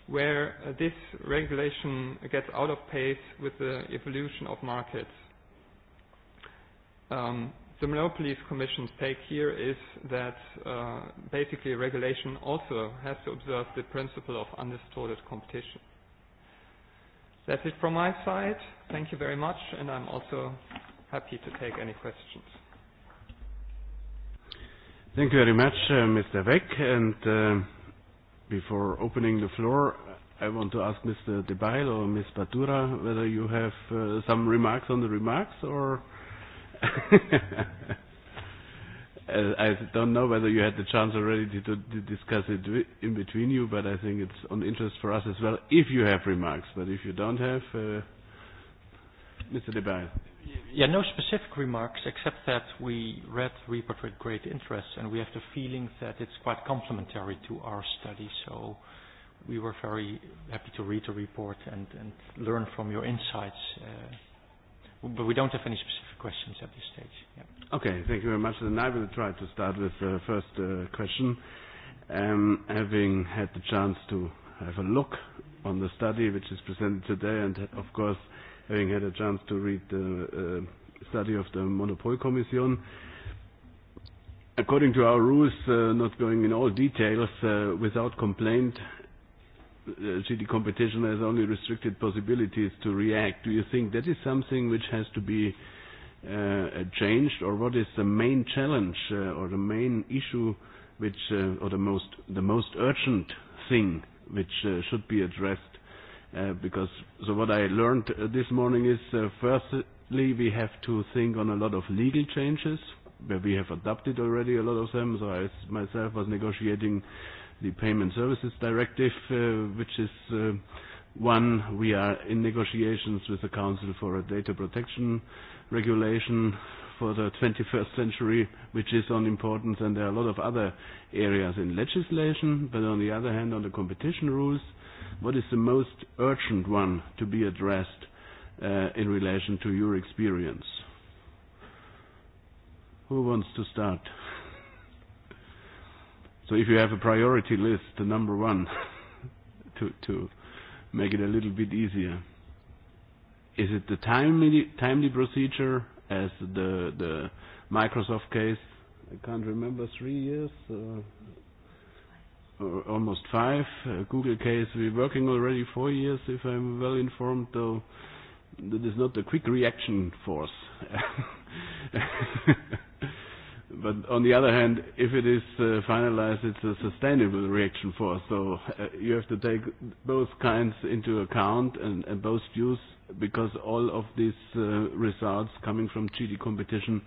where this regulation gets out of pace with the evolution of markets. The Monopolies Commission's take here is that basically regulation also has to observe the principle of undistorted competition. That's it from my side. Thank you very much, and I'm also happy to take any questions. Thank you very much, Mr. Weck. And Before opening the floor, I want to ask Mr. De Bail or Ms. Batura whether you have some remarks on the remarks or I don't know whether you had the chance already to discuss it in between you, but I think it's on interest for us as well if you have remarks. But if you don't have, Mr. De Debail. Yeah, no specific remarks except that we read the report with great interest and we have the feeling that it's quite complementary to our study. So we were very happy to read the report and, and learn from your insights. Uh, but we don't have any specific questions at this stage. Yeah. Okay, thank you very much. and I will try to start with the first uh, question. Um, having had the chance to have a look on the study which is presented today and of course having had a chance to read the study of the Monopol Commission. According to our rules, not going in all details, without complaint, GD competition has only restricted possibilities to react. Do you think that is something which has to be changed, or what is the main challenge or the main issue which, or the most the most urgent thing which should be addressed because so what I learned this morning is firstly we have to think on a lot of legal changes where we have adopted already a lot of them. So I myself was negotiating the Payment Services Directive, which is one we are in negotiations with the Council for a data protection regulation for the 21st century, which is on importance, and there are a lot of other areas in legislation. But on the other hand, on the competition rules, What is the most urgent one to be addressed in relation to your experience? Who wants to start? So if you have a priority list, the number one, to to make it a little bit easier. Is it the timely timely procedure as the the Microsoft case? I can't remember three years almost five. Google case, we're working already four years, if I'm well informed, though that is not a quick reaction force. But on the other hand, if it is finalized, it's a sustainable reaction force. So you have to take both kinds into account and and both views, because all of these results coming from GD competition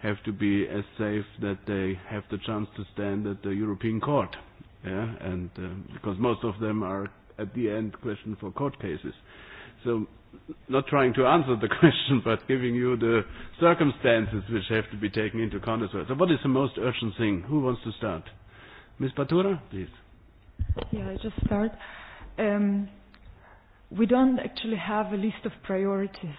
have to be as safe that they have the chance to stand at the European Court yeah, and because most of them are at the end question for court cases. So not trying to answer the question, but giving you the circumstances which have to be taken into account as well. So what is the most urgent thing? Who wants to start? Ms. Patura, please. Yeah, I just start. Um, we don't actually have a list of priorities.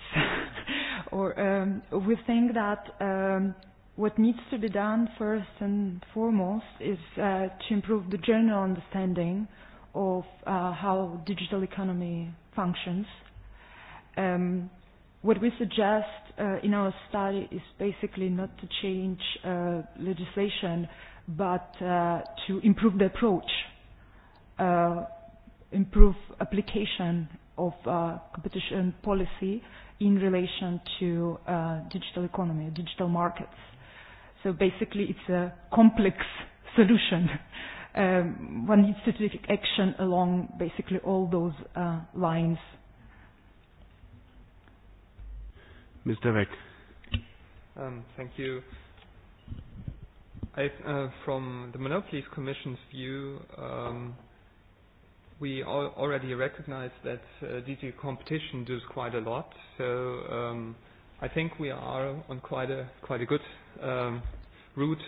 or um, we think that um, What needs to be done first and foremost is to improve the general understanding of how digital economy functions. Um, what we suggest in our study is basically not to change legislation, but to improve the approach, uh, improve application of competition policy in relation to digital economy, digital markets So basically it's a complex solution. Um, one needs to take action along basically all those uh, lines. Mr. Weck. Um, thank you. I, uh, from the Monopolies Commission's view, um, we al already recognize that uh, competition does quite a lot. So um, I think we are on quite a quite a good route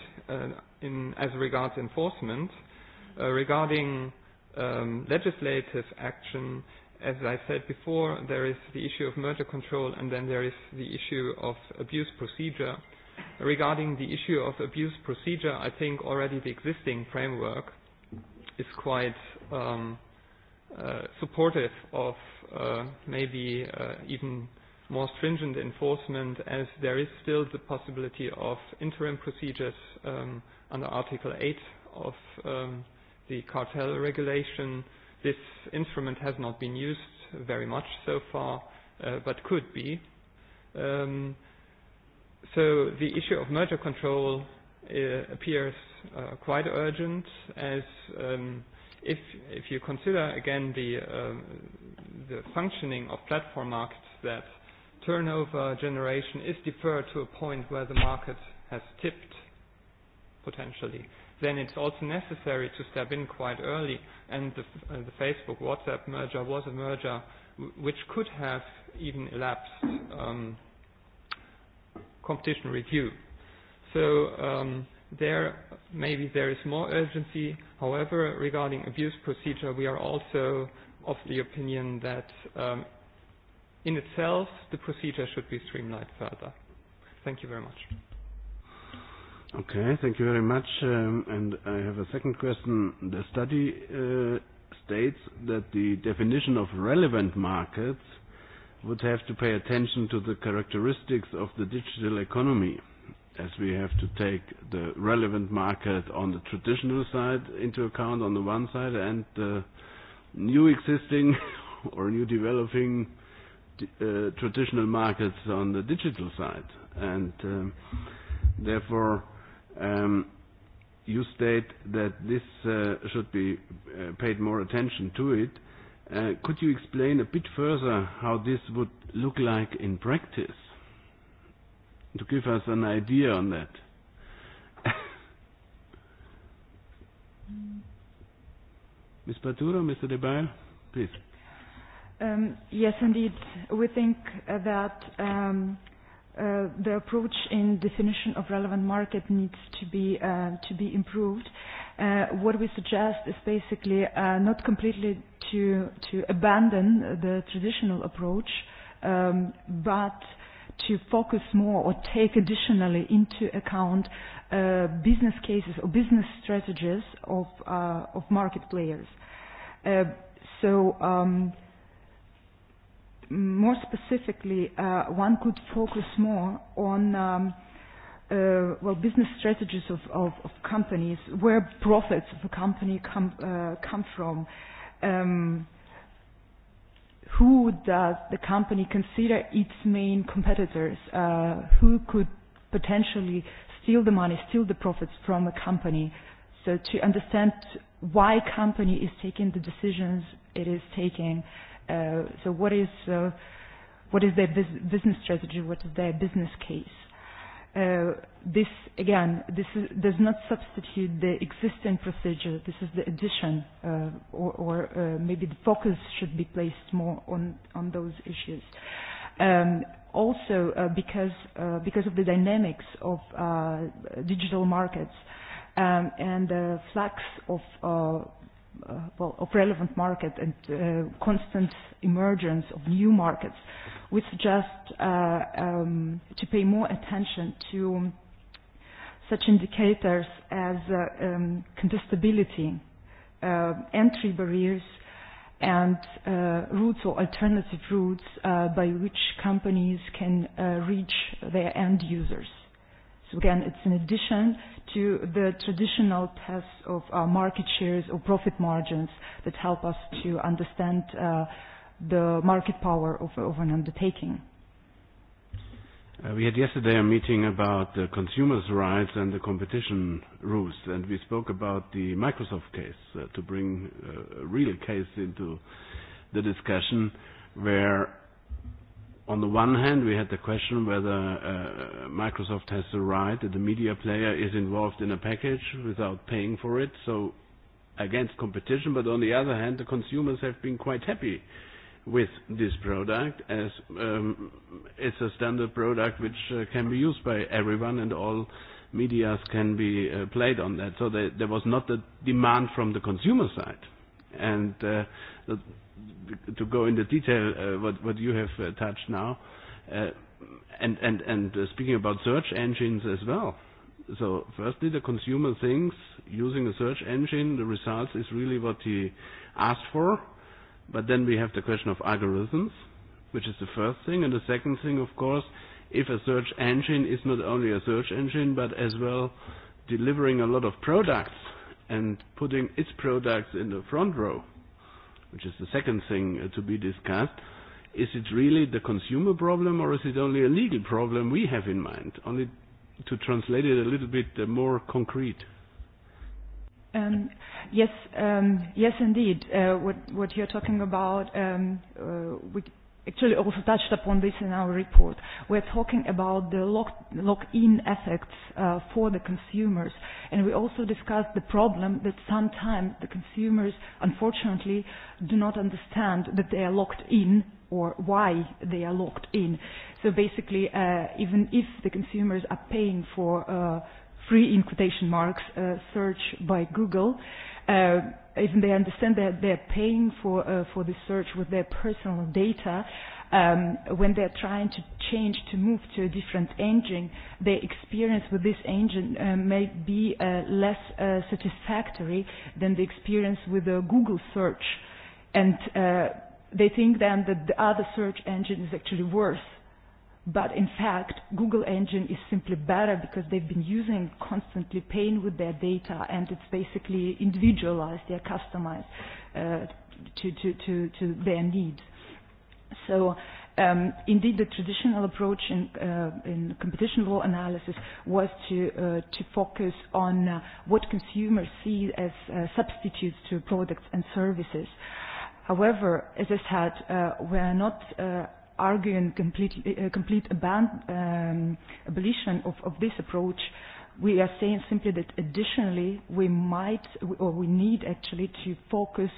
in as regards enforcement. regarding legislative action, as I said before, there is the issue of merger control and then there is the issue of abuse procedure. Regarding the issue of abuse procedure, I think already the existing framework is quite supportive of maybe even more stringent enforcement as there is still the possibility of interim procedures under Article 8 of the cartel regulation. This instrument has not been used very much so far, but could be. So the issue of merger control appears quite urgent as if if you consider again the the functioning of platform markets that turnover generation is deferred to a point where the market has tipped, potentially, then it's also necessary to step in quite early. And the, the Facebook WhatsApp merger was a merger which could have even elapsed um, competition review. So um, there maybe there is more urgency. However, regarding abuse procedure, we are also of the opinion that um, in itself, the procedure should be streamlined further. Thank you very much. Okay, thank you very much. And I have a second question. The study states that the definition of relevant markets would have to pay attention to the characteristics of the digital economy, as we have to take the relevant market on the traditional side into account on the one side and the new existing or new developing traditional markets on the digital side. And therefore, you state that this should be paid more attention to it. Could you explain a bit further how this would look like in practice? To give us an idea on that. Ms. Paturo, Mr. De please. Yes, indeed. We think that the approach in definition of relevant market needs to be to be improved. What we suggest is basically not completely to to abandon the traditional approach, but to focus more or take additionally into account business cases or business strategies of of market players. So more specifically, one could focus more on well business strategies of of of companies, where profits of a company come come from. Um who does the company consider its main competitors? Who could potentially steal the money, steal the profits from a company? So to understand why company is taking the decisions it is taking So what is what is their business strategy? What is their business case? This again, this does not substitute the existing procedure. This is the addition, or maybe the focus should be placed more on on those issues. Also, because because of the dynamics of digital markets and the flux of well, of relevant market and constant emergence of new markets, we suggest to pay more attention to such indicators as contestability, entry barriers, and routes or alternative routes by which companies can reach their end users. So again, it's in addition to the traditional tests of market shares or profit margins that help us to understand the market power of an undertaking. We had yesterday a meeting about the consumers' rights and the competition rules, and we spoke about the Microsoft case to bring a real case into the discussion where on the one hand, we had the question whether Microsoft has the right that the media player is involved in a package without paying for it, so against competition, but on the other hand, the consumers have been quite happy with this product as it's a standard product which can be used by everyone and all medias can be played on that. So there was not the demand from the consumer side. And to go into detail what what you have touched now, and and and speaking about search engines as well. So firstly, the consumer thinks using a search engine, the results is really what he asked for. But then we have the question of algorithms, which is the first thing. And the second thing, of course, if a search engine is not only a search engine, but as well delivering a lot of products and putting its products in the front row which is the second thing to be discussed, is it really the consumer problem or is it only a legal problem we have in mind? Only to translate it a little bit more concrete. Um, yes, um, yes, indeed. Uh, what, what you're talking about, um, uh, we actually also touched upon this in our report. We're talking about the lock-in effects for the consumers, and we also discussed the problem that sometimes the consumers, unfortunately, do not understand that they are locked in or why they are locked in. So basically, even if the consumers are paying for free in quotation marks search by Google. if they understand that they're paying for for the search with their personal data. When they're trying to change to move to a different engine, their experience with this engine may be less satisfactory than the experience with a Google search, and they think then that the other search engine is actually worse But in fact, Google Engine is simply better because they've been using constantly pain with their data and it's basically individualized, they're customized to, to, to, to their needs. So um, indeed the traditional approach in, in competition law analysis was to, to focus on what consumers see as substitutes to products and services. However, as I said, are not arguing complete, complete abolition of, of this approach, we are saying simply that additionally we might or we need actually to focus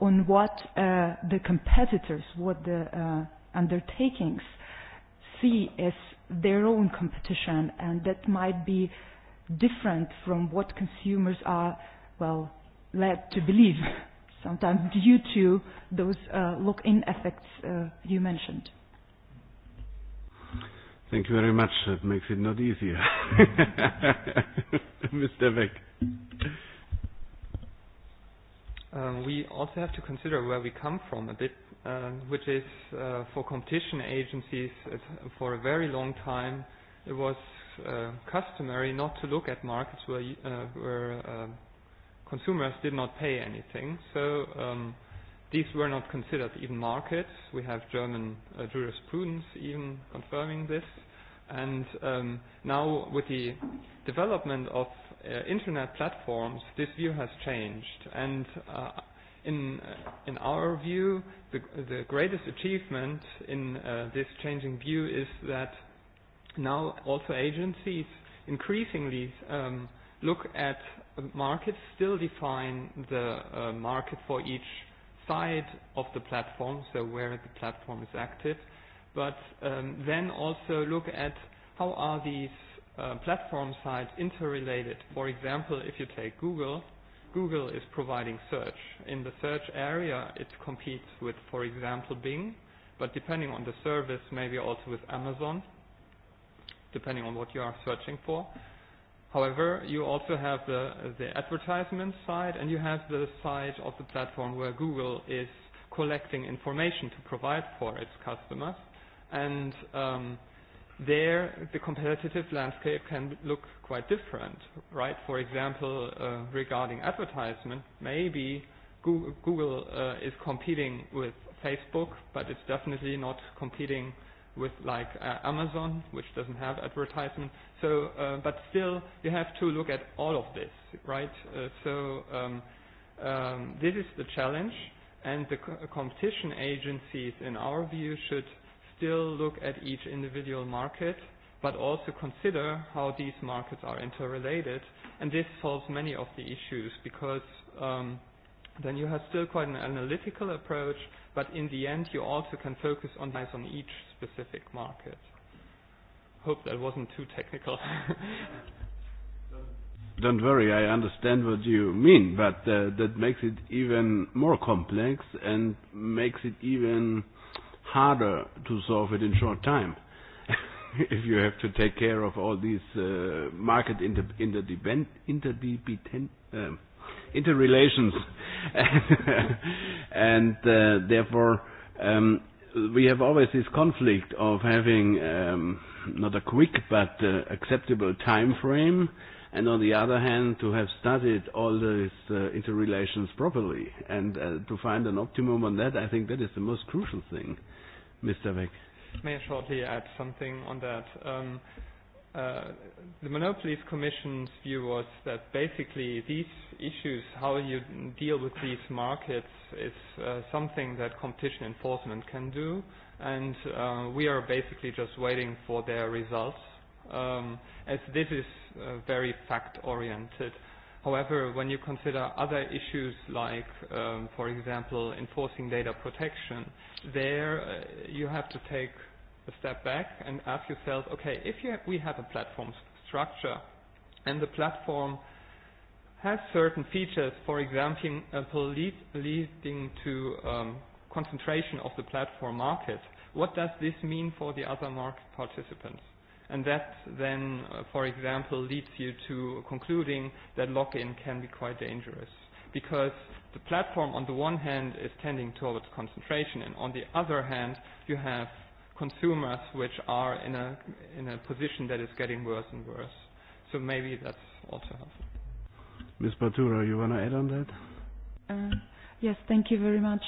on what the competitors, what the undertakings see as their own competition and that might be different from what consumers are, well, led to believe sometimes due to those lock-in effects you mentioned. Thank you very much. That makes it not easier. Mr. Beck. Um, we also have to consider where we come from a bit, uh, which is uh, for competition agencies for a very long time it was uh, customary not to look at markets where, uh, where uh, consumers did not pay anything. So um, These were not considered even markets. We have German jurisprudence even confirming this. And now with the development of internet platforms, this view has changed. And in in our view, the the greatest achievement in this changing view is that now also agencies increasingly look at markets, still define the market for each side of the platform, so where the platform is active, but then also look at how are these platform sites interrelated. For example, if you take Google, Google is providing search. In the search area, it competes with, for example, Bing, but depending on the service, maybe also with Amazon, depending on what you are searching for. However, you also have the, the advertisement side and you have the side of the platform where Google is collecting information to provide for its customers. And um, there, the competitive landscape can look quite different, right? For example, uh, regarding advertisement, maybe Google, Google uh, is competing with Facebook, but it's definitely not competing with like Amazon, which doesn't have advertisement. So, but still, you have to look at all of this, right? So, um, this is the challenge, and the competition agencies, in our view, should still look at each individual market, but also consider how these markets are interrelated. And this solves many of the issues because um, then you have still quite an analytical approach but in the end you also can focus on on each specific market. Hope that wasn't too technical. Don't worry, I understand what you mean, but that makes it even more complex and makes it even harder to solve it in short time. If you have to take care of all these market interdependent interrelations. And therefore, um we have always this conflict of having um not a quick but acceptable time frame, and on the other hand, to have studied all these interrelations properly and to find an optimum on that, I think that is the most crucial thing. Mr. Weck. May I shortly add something on that? Um The Monopolies Commission's view was that basically these issues, how you deal with these markets, is something that competition enforcement can do, and we are basically just waiting for their results, as this is very fact-oriented. However, when you consider other issues like, for example, enforcing data protection, there you have to take a step back and ask yourself, okay, if you we have a platform structure and the platform has certain features, for example, leading to um, concentration of the platform market, what does this mean for the other market participants? And that then, for example, leads you to concluding that lock-in can be quite dangerous because the platform on the one hand is tending towards concentration and on the other hand you have consumers which are in a in a position that is getting worse and worse. So maybe that's also helpful. Ms. Batura, you want to add on that? Yes, thank you very much.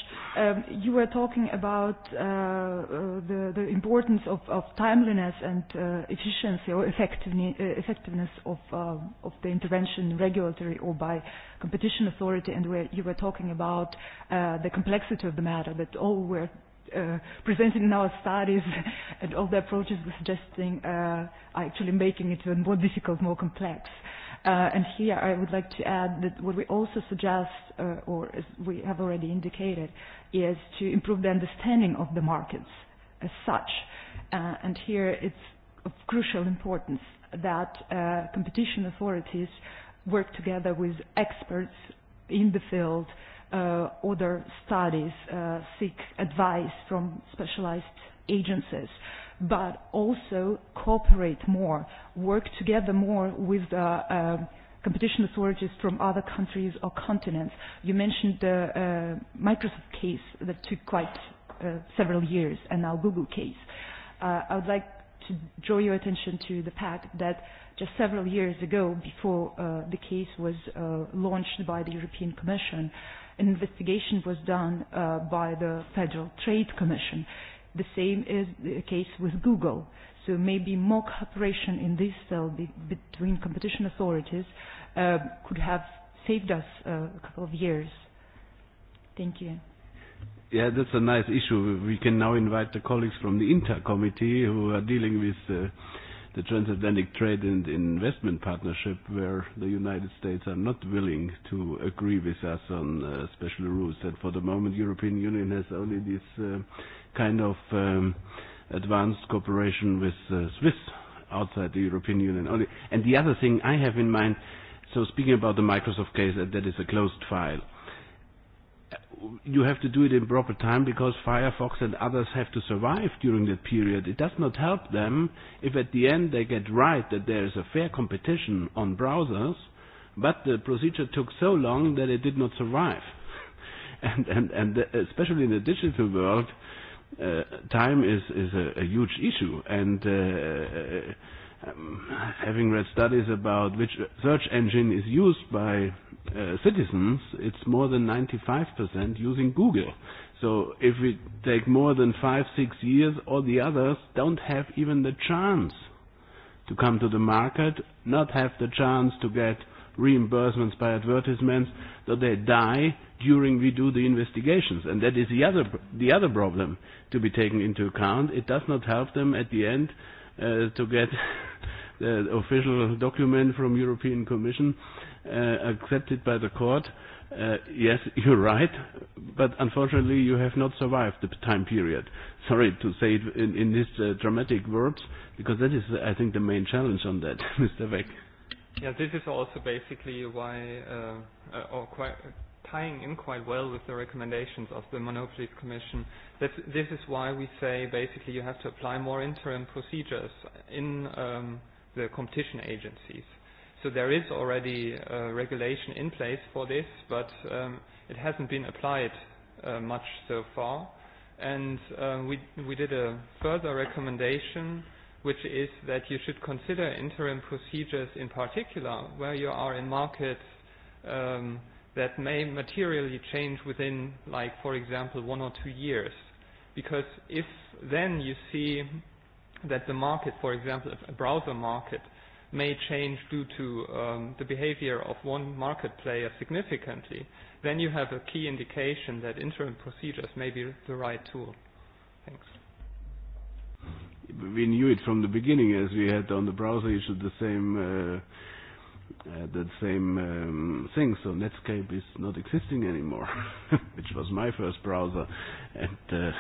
You were talking about the the importance of of timeliness and efficiency or effectiveness of of the intervention regulatory or by competition authority and where you were talking about the complexity of the matter that all we're presented in our studies and all the approaches we're suggesting are actually making it even more difficult, more complex. And here I would like to add that what we also suggest, or as we have already indicated, is to improve the understanding of the markets as such. And here it's of crucial importance that competition authorities work together with experts in the field other studies, seek advice from specialized agencies, but also cooperate more, work together more with competition authorities from other countries or continents. You mentioned the Microsoft case that took quite several years, and now Google case. I would like to draw your attention to the fact that just several years ago, before the case was launched by the European Commission, An investigation was done by the Federal Trade Commission. The same is the case with Google. So maybe more cooperation in this cell between competition authorities could have saved us a couple of years. Thank you. Yeah, that's a nice issue. We can now invite the colleagues from the Inter Committee who are dealing with the transatlantic trade and investment partnership where the United States are not willing to agree with us on special rules. And for the moment, the European Union has only this kind of advanced cooperation with Swiss outside the European Union. Only. And the other thing I have in mind, so speaking about the Microsoft case, that is a closed file you have to do it in proper time because Firefox and others have to survive during that period. It does not help them if at the end they get right that there is a fair competition on browsers, but the procedure took so long that it did not survive. And, and, and especially in the digital world, uh, time is, is a, a huge issue. And uh, having read studies about which search engine is used by citizens, it's more than 95% using Google. So if we take more than five, six years, all the others don't have even the chance to come to the market, not have the chance to get reimbursements by advertisements, so they die during we do the investigations. And that is the other, the other problem to be taken into account. It does not help them at the end to get the official document from European Commission accepted by the court. Yes, you're right, but unfortunately you have not survived the time period. Sorry to say it in these dramatic words, because that is, I think, the main challenge on that, Mr. Beck. Yeah, this is also basically why, or tying in quite well with the recommendations of the Monopolies Commission. That this is why we say basically you have to apply more interim procedures in um, the competition agencies. So there is already a regulation in place for this, but um, it hasn't been applied uh, much so far. And we, we did a further recommendation which is that you should consider interim procedures in particular where you are in markets um, that may materially change within, like, for example, one or two years. Because if then you see that the market, for example, a browser market, may change due to um the behavior of one market player significantly, then you have a key indication that interim procedures may be the right tool. Thanks. We knew it from the beginning as we had on the browser issue the same the same thing. So Netscape is not existing anymore, which was my first browser. And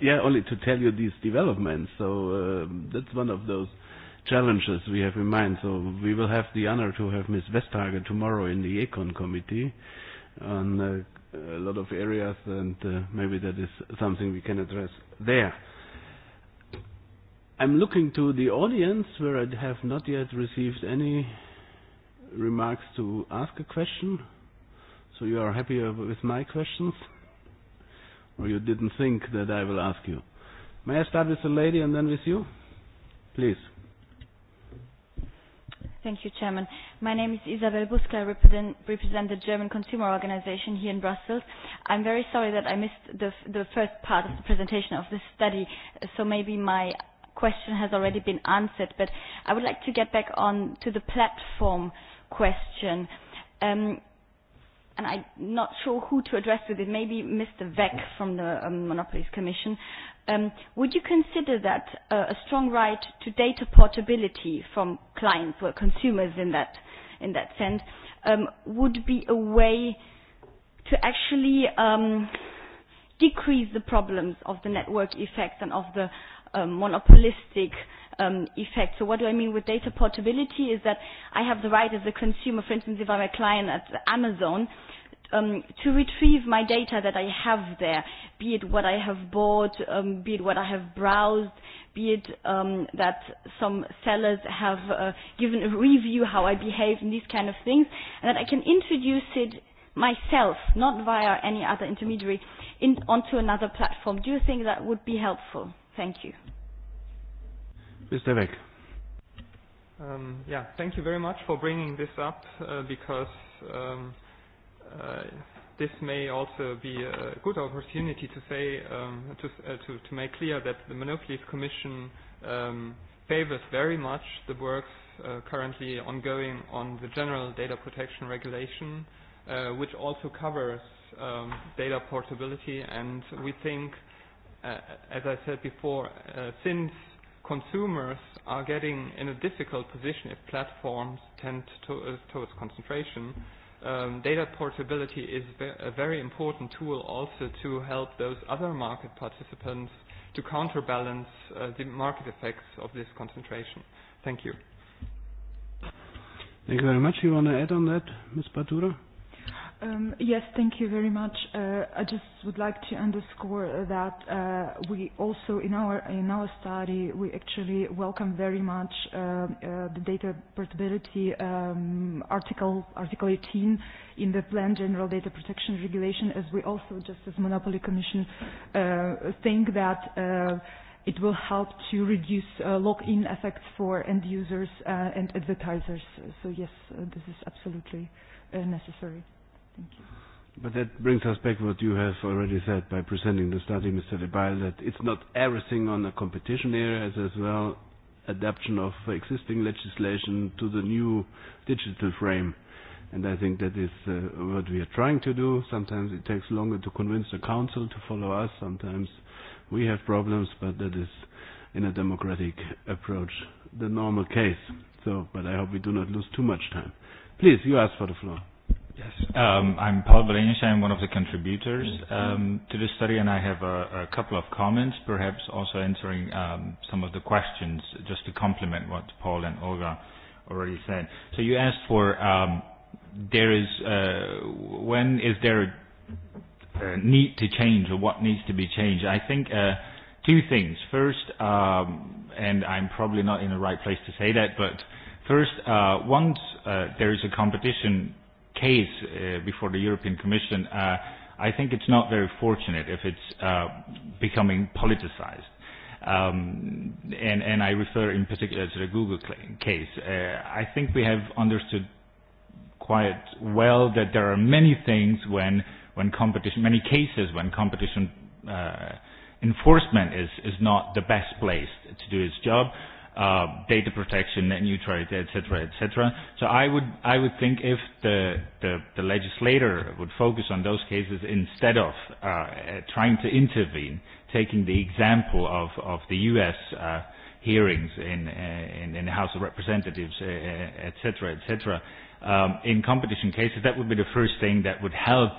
yeah, only to tell you these developments. So that's one of those challenges we have in mind. So we will have the honor to have Ms. Vestager tomorrow in the Econ Committee on a lot of areas, and maybe that is something we can address there. I'm looking to the audience where I have not yet received any remarks to ask a question? So you are happy with my questions? Or you didn't think that I will ask you? May I start with the lady and then with you? Please. Thank you, Chairman. My name is Isabel Busca. I represent, represent the German consumer organization here in Brussels. I'm very sorry that I missed the, the first part of the presentation of this study, so maybe my question has already been answered, but I would like to get back on to the platform question. Um, and I'm not sure who to address with it, maybe Mr. Veck from the Monopolies Commission. Um, would you consider that a strong right to data portability from clients or consumers in that, in that sense um, would be a way to actually um, decrease the problems of the network effects and of the monopolistic effect. So what do I mean with data portability is that I have the right as a consumer, for instance, if I'm a client at Amazon, to retrieve my data that I have there, be it what I have bought, be it what I have browsed, be it that some sellers have given a review how I behave and these kind of things, and that I can introduce it myself, not via any other intermediary, onto another platform. Do you think that would be helpful? Thank you. Um, yeah, thank you very much for bringing this up because um, this may also be a good opportunity to say um, to, to, to make clear that the Monopolies Commission um, favors very much the works currently ongoing on the General Data Protection Regulation, which also covers um, data portability, and we think, as I said before, since consumers are getting in a difficult position if platforms tend towards concentration. Data portability is a very important tool also to help those other market participants to counterbalance the market effects of this concentration. Thank you. Thank you very much. You want to add on that, Ms. Batura? Yes, thank you very much. I just would like to underscore that we also in our in our study we actually welcome very much the data portability article article 18 in the Plan General Data Protection Regulation, as we also just as Monopoly Commission think that it will help to reduce lock-in effects for end users and advertisers. So yes, this is absolutely necessary. But that brings us back to what you have already said by presenting the study, Mr. De that it's not everything on the competition areas as as well adaption of existing legislation to the new digital frame. And I think that is what we are trying to do. Sometimes it takes longer to convince the council to follow us. Sometimes we have problems, but that is in a democratic approach the normal case. So, but I hope we do not lose too much time. Please, you ask for the floor. Yes. Um, I'm Paul Valenius. I'm one of the contributors um, to the study, and I have a, a couple of comments, perhaps also answering um, some of the questions, just to complement what Paul and Olga already said. So you asked for um, there is uh, when is there a need to change or what needs to be changed? I think uh, two things. First, um, and I'm probably not in the right place to say that, but first, uh, once uh, there is a competition case before the European Commission, uh I think it's not very fortunate if it's uh becoming politicized. Um, and, and I refer in particular to the Google case. I think we have understood quite well that there are many things when, when competition, many cases when competition enforcement is, is not the best place to do its job data protection, net neutrality, etc., etc. So I would I would think if the the, legislator would focus on those cases instead of trying to intervene, taking the example of of the U.S. hearings in in, in the House of Representatives, etc., etc. Um, in competition cases, that would be the first thing that would help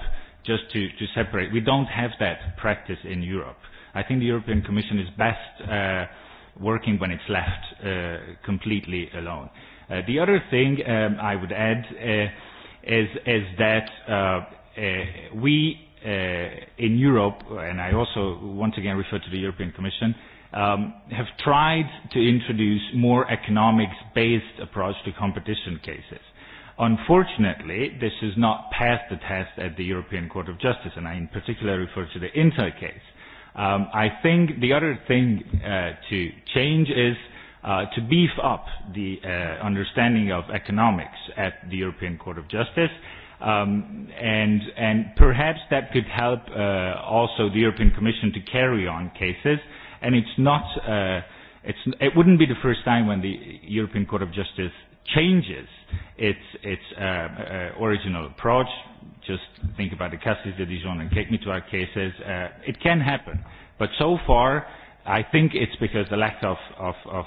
just to to separate. We don't have that practice in Europe. I think the European Commission is best working when it's left completely alone. The other thing I would add is is that we in Europe, and I also once again refer to the European Commission, have tried to introduce more economics-based approach to competition cases. Unfortunately, this has not passed the test at the European Court of Justice, and I in particular refer to the Inter case, Um, I think the other thing to change is to beef up the understanding of economics at the European Court of Justice um, and, and perhaps that could help also the European Commission to carry on cases and it's not, it's, it wouldn't be the first time when the European Court of Justice changes its its original approach. Just think about the Cassis de Dijon and our cases. It can happen, but so far, I think it's because the lack of of of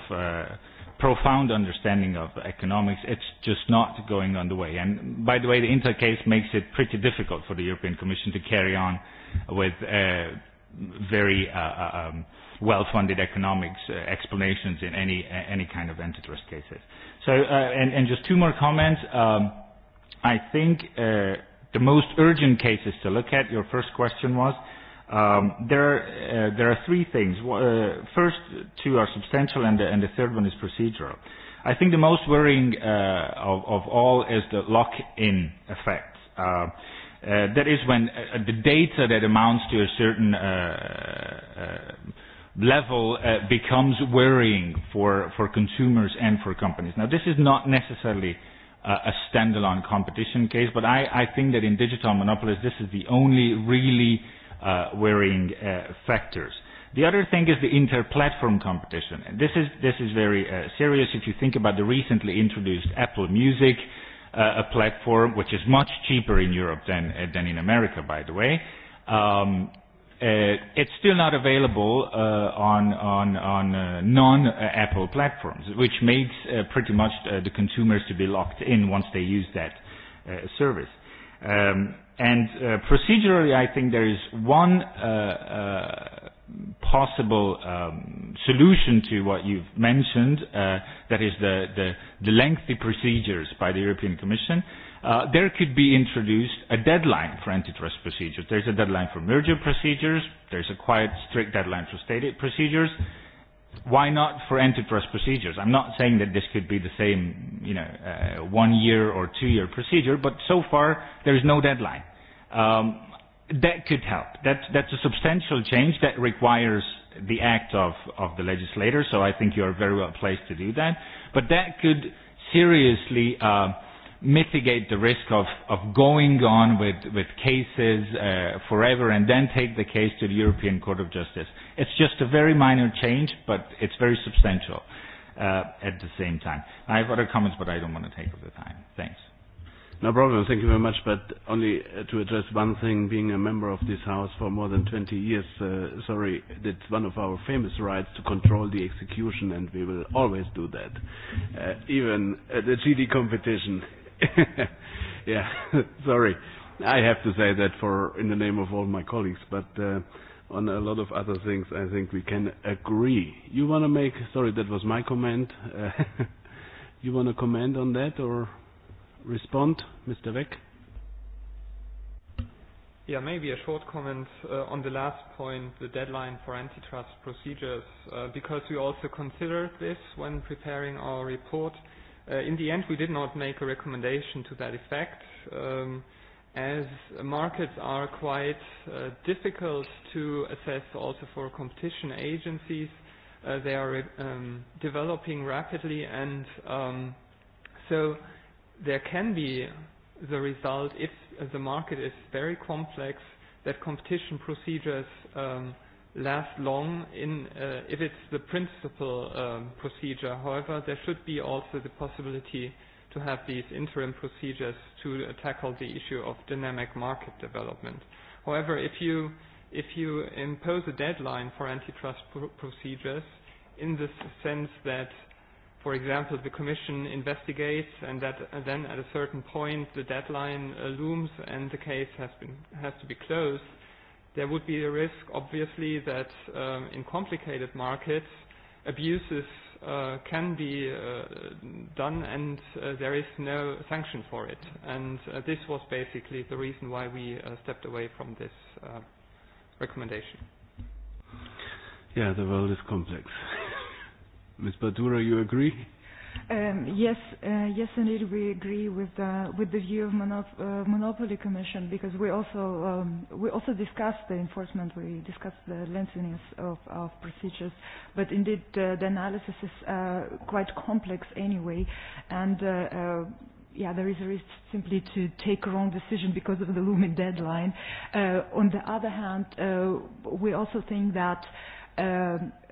profound understanding of economics. It's just not going on the way. And by the way, the Inter case makes it pretty difficult for the European Commission to carry on with very well-funded economics explanations in any any kind of antitrust cases. So, and, and just two more comments. Um, I think uh, the most urgent cases to look at, your first question was, um, there, uh, there are three things. Uh, first two are substantial and the, and the third one is procedural. I think the most worrying uh, of, of all is the lock-in effect. Uh, uh, that is when uh, the data that amounts to a certain uh, level becomes worrying for for consumers and for companies. Now this is not necessarily a standalone competition case, but I I think that in digital monopolies this is the only really worrying factors. The other thing is the inter-platform competition. And this is this is very serious if you think about the recently introduced Apple Music a platform which is much cheaper in Europe than than in America by the way. Um It's still not available on on on non-Apple platforms, which makes pretty much the consumers to be locked in once they use that service. And procedurally, I think there is one possible solution to what you've mentioned, that is the the lengthy procedures by the European Commission there could be introduced a deadline for antitrust procedures. There's a deadline for merger procedures. There's a quite strict deadline for state aid procedures. Why not for antitrust procedures? I'm not saying that this could be the same, you know, one-year or two-year procedure, but so far there is no deadline. Um, that could help. That's, that's a substantial change that requires the act of, of the legislator, so I think you are very well placed to do that. But that could seriously... Uh, mitigate the risk of of going on with with cases forever and then take the case to the European Court of Justice. It's just a very minor change, but it's very substantial at the same time. I have other comments, but I don't want to take up the time. Thanks. No problem. Thank you very much. But only to address one thing, being a member of this House for more than 20 years, sorry, that's one of our famous rights to control the execution, and we will always do that, even uh the GD competition yeah, sorry. I have to say that for in the name of all my colleagues, but uh, on a lot of other things, I think we can agree. You want to make? Sorry, that was my comment. Uh, you want to comment on that or respond, Mr. Weck? Yeah, maybe a short comment Uh on the last point, the deadline for antitrust procedures, uh because we also considered this when preparing our report. In the end, we did not make a recommendation to that effect, as markets are quite difficult to assess also for competition agencies. They are developing rapidly, and so there can be the result, if the market is very complex, that competition procedures last long in if it's the principal procedure. However, there should be also the possibility to have these interim procedures to tackle the issue of dynamic market development. However, if you if you impose a deadline for antitrust procedures in the sense that, for example, the Commission investigates and that then at a certain point the deadline looms and the case has been has to be closed, there would be a risk, obviously, that in complicated markets, abuses can be done and there is no sanction for it. And this was basically the reason why we stepped away from this recommendation. Yeah, the world is complex. Ms. Badura, you agree? Yes, yes, indeed, we agree with the with the view of Monopoly Commission because we also we also discussed the enforcement, we discussed the lengthiness of of procedures, but indeed the analysis is quite complex anyway, and yeah, there is a risk simply to take a wrong decision because of the looming deadline. On the other hand, we also think that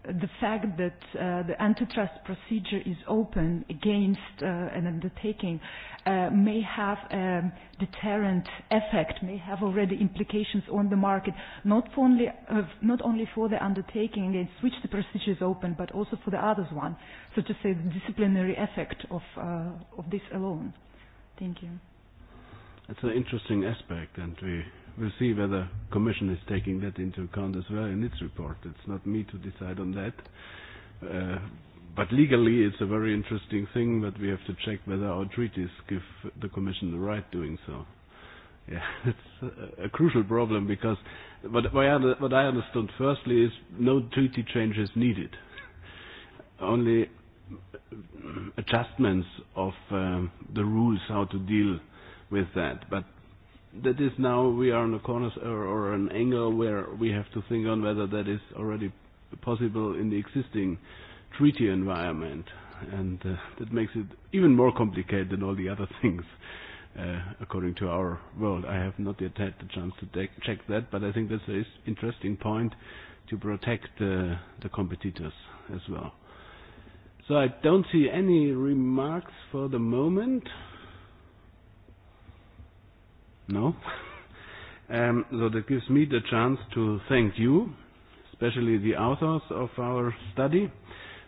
the fact that the antitrust procedure is open against an undertaking may have a deterrent effect, may have already implications on the market, not only not only for the undertaking against which the procedure is open, but also for the others one, so to say the disciplinary effect of of this alone. Thank you. That's an interesting aspect, and we We'll see whether the Commission is taking that into account as well in its report. It's not me to decide on that. But legally, it's a very interesting thing, that we have to check whether our treaties give the Commission the right doing so. Yeah, it's a crucial problem because what what I understood firstly is no treaty change is needed. Only adjustments of the rules how to deal with that. But that is now we are on a corner or an angle where we have to think on whether that is already possible in the existing treaty environment. And that makes it even more complicated than all the other things according to our world. I have not yet had the chance to check that, but I think that's an interesting point to protect the competitors as well. So I don't see any remarks for the moment. No? Um, so that gives me the chance to thank you, especially the authors of our study.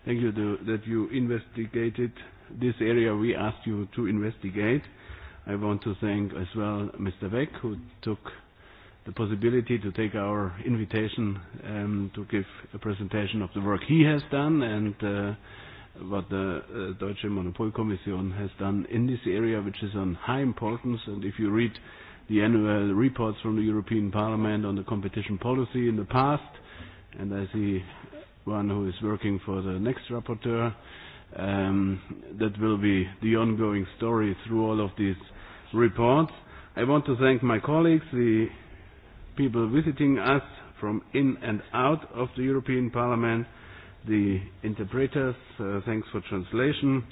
Thank you that you investigated this area we asked you to investigate. I want to thank as well Mr. Beck, who took the possibility to take our invitation um, to give a presentation of the work he has done and uh, what the Deutsche Monopolkommission has done in this area, which is on high importance. And if you read the annual reports from the European Parliament on the competition policy in the past, and I see one who is working for the next rapporteur. That will be the ongoing story through all of these reports. I want to thank my colleagues, the people visiting us from in and out of the European Parliament, the interpreters, thanks for translation.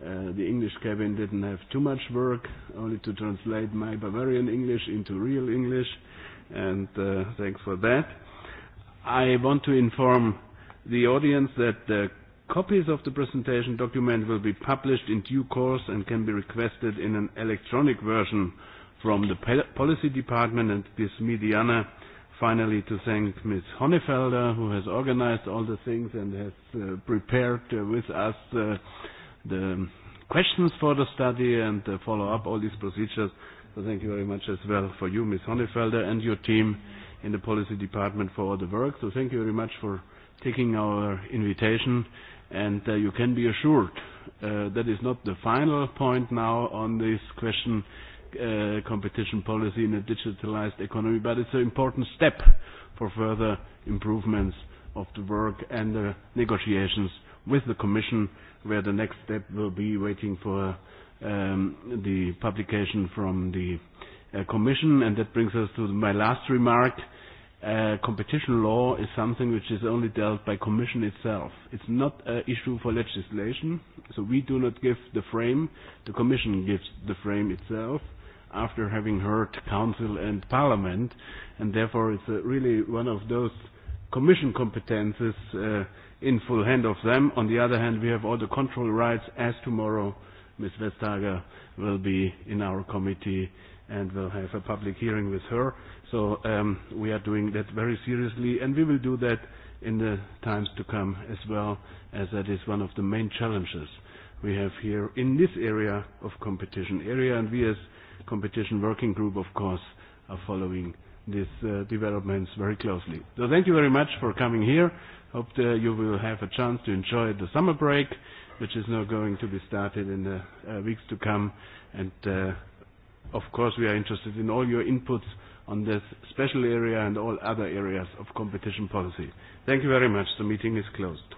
The English cabin didn't have too much work, only to translate my Bavarian English into real English, and thanks for that. I want to inform the audience that the copies of the presentation document will be published in due course and can be requested in an electronic version from the Policy Department, and this Mediana finally to thank Ms. Honefelder, who has organized all the things and has prepared with us the questions for the study and follow up all these procedures. So thank you very much as well for you, Ms. Honefelder, and your team in the policy department for all the work. So thank you very much for taking our invitation. And you can be assured that is not the final point now on this question competition policy in a digitalized economy, but it's an important step for further improvements of the work and the negotiations with the Commission where the next step will be waiting for the publication from the Commission. And that brings us to my last remark. Competition law is something which is only dealt by Commission itself. It's not an issue for legislation, so we do not give the frame. The Commission gives the frame itself after having heard Council and Parliament, and therefore it's really one of those Commission competences in full hand of them. On the other hand, we have all the control rights as tomorrow Ms. Vestager will be in our committee and will have a public hearing with her. So um, we are doing that very seriously and we will do that in the times to come as well as that is one of the main challenges we have here in this area of competition area and we as competition working group of course are following these developments very closely. So thank you very much for coming here. Hope that you will have a chance to enjoy the summer break, which is now going to be started in the weeks to come. And of course, we are interested in all your inputs on this special area and all other areas of competition policy. Thank you very much. The meeting is closed.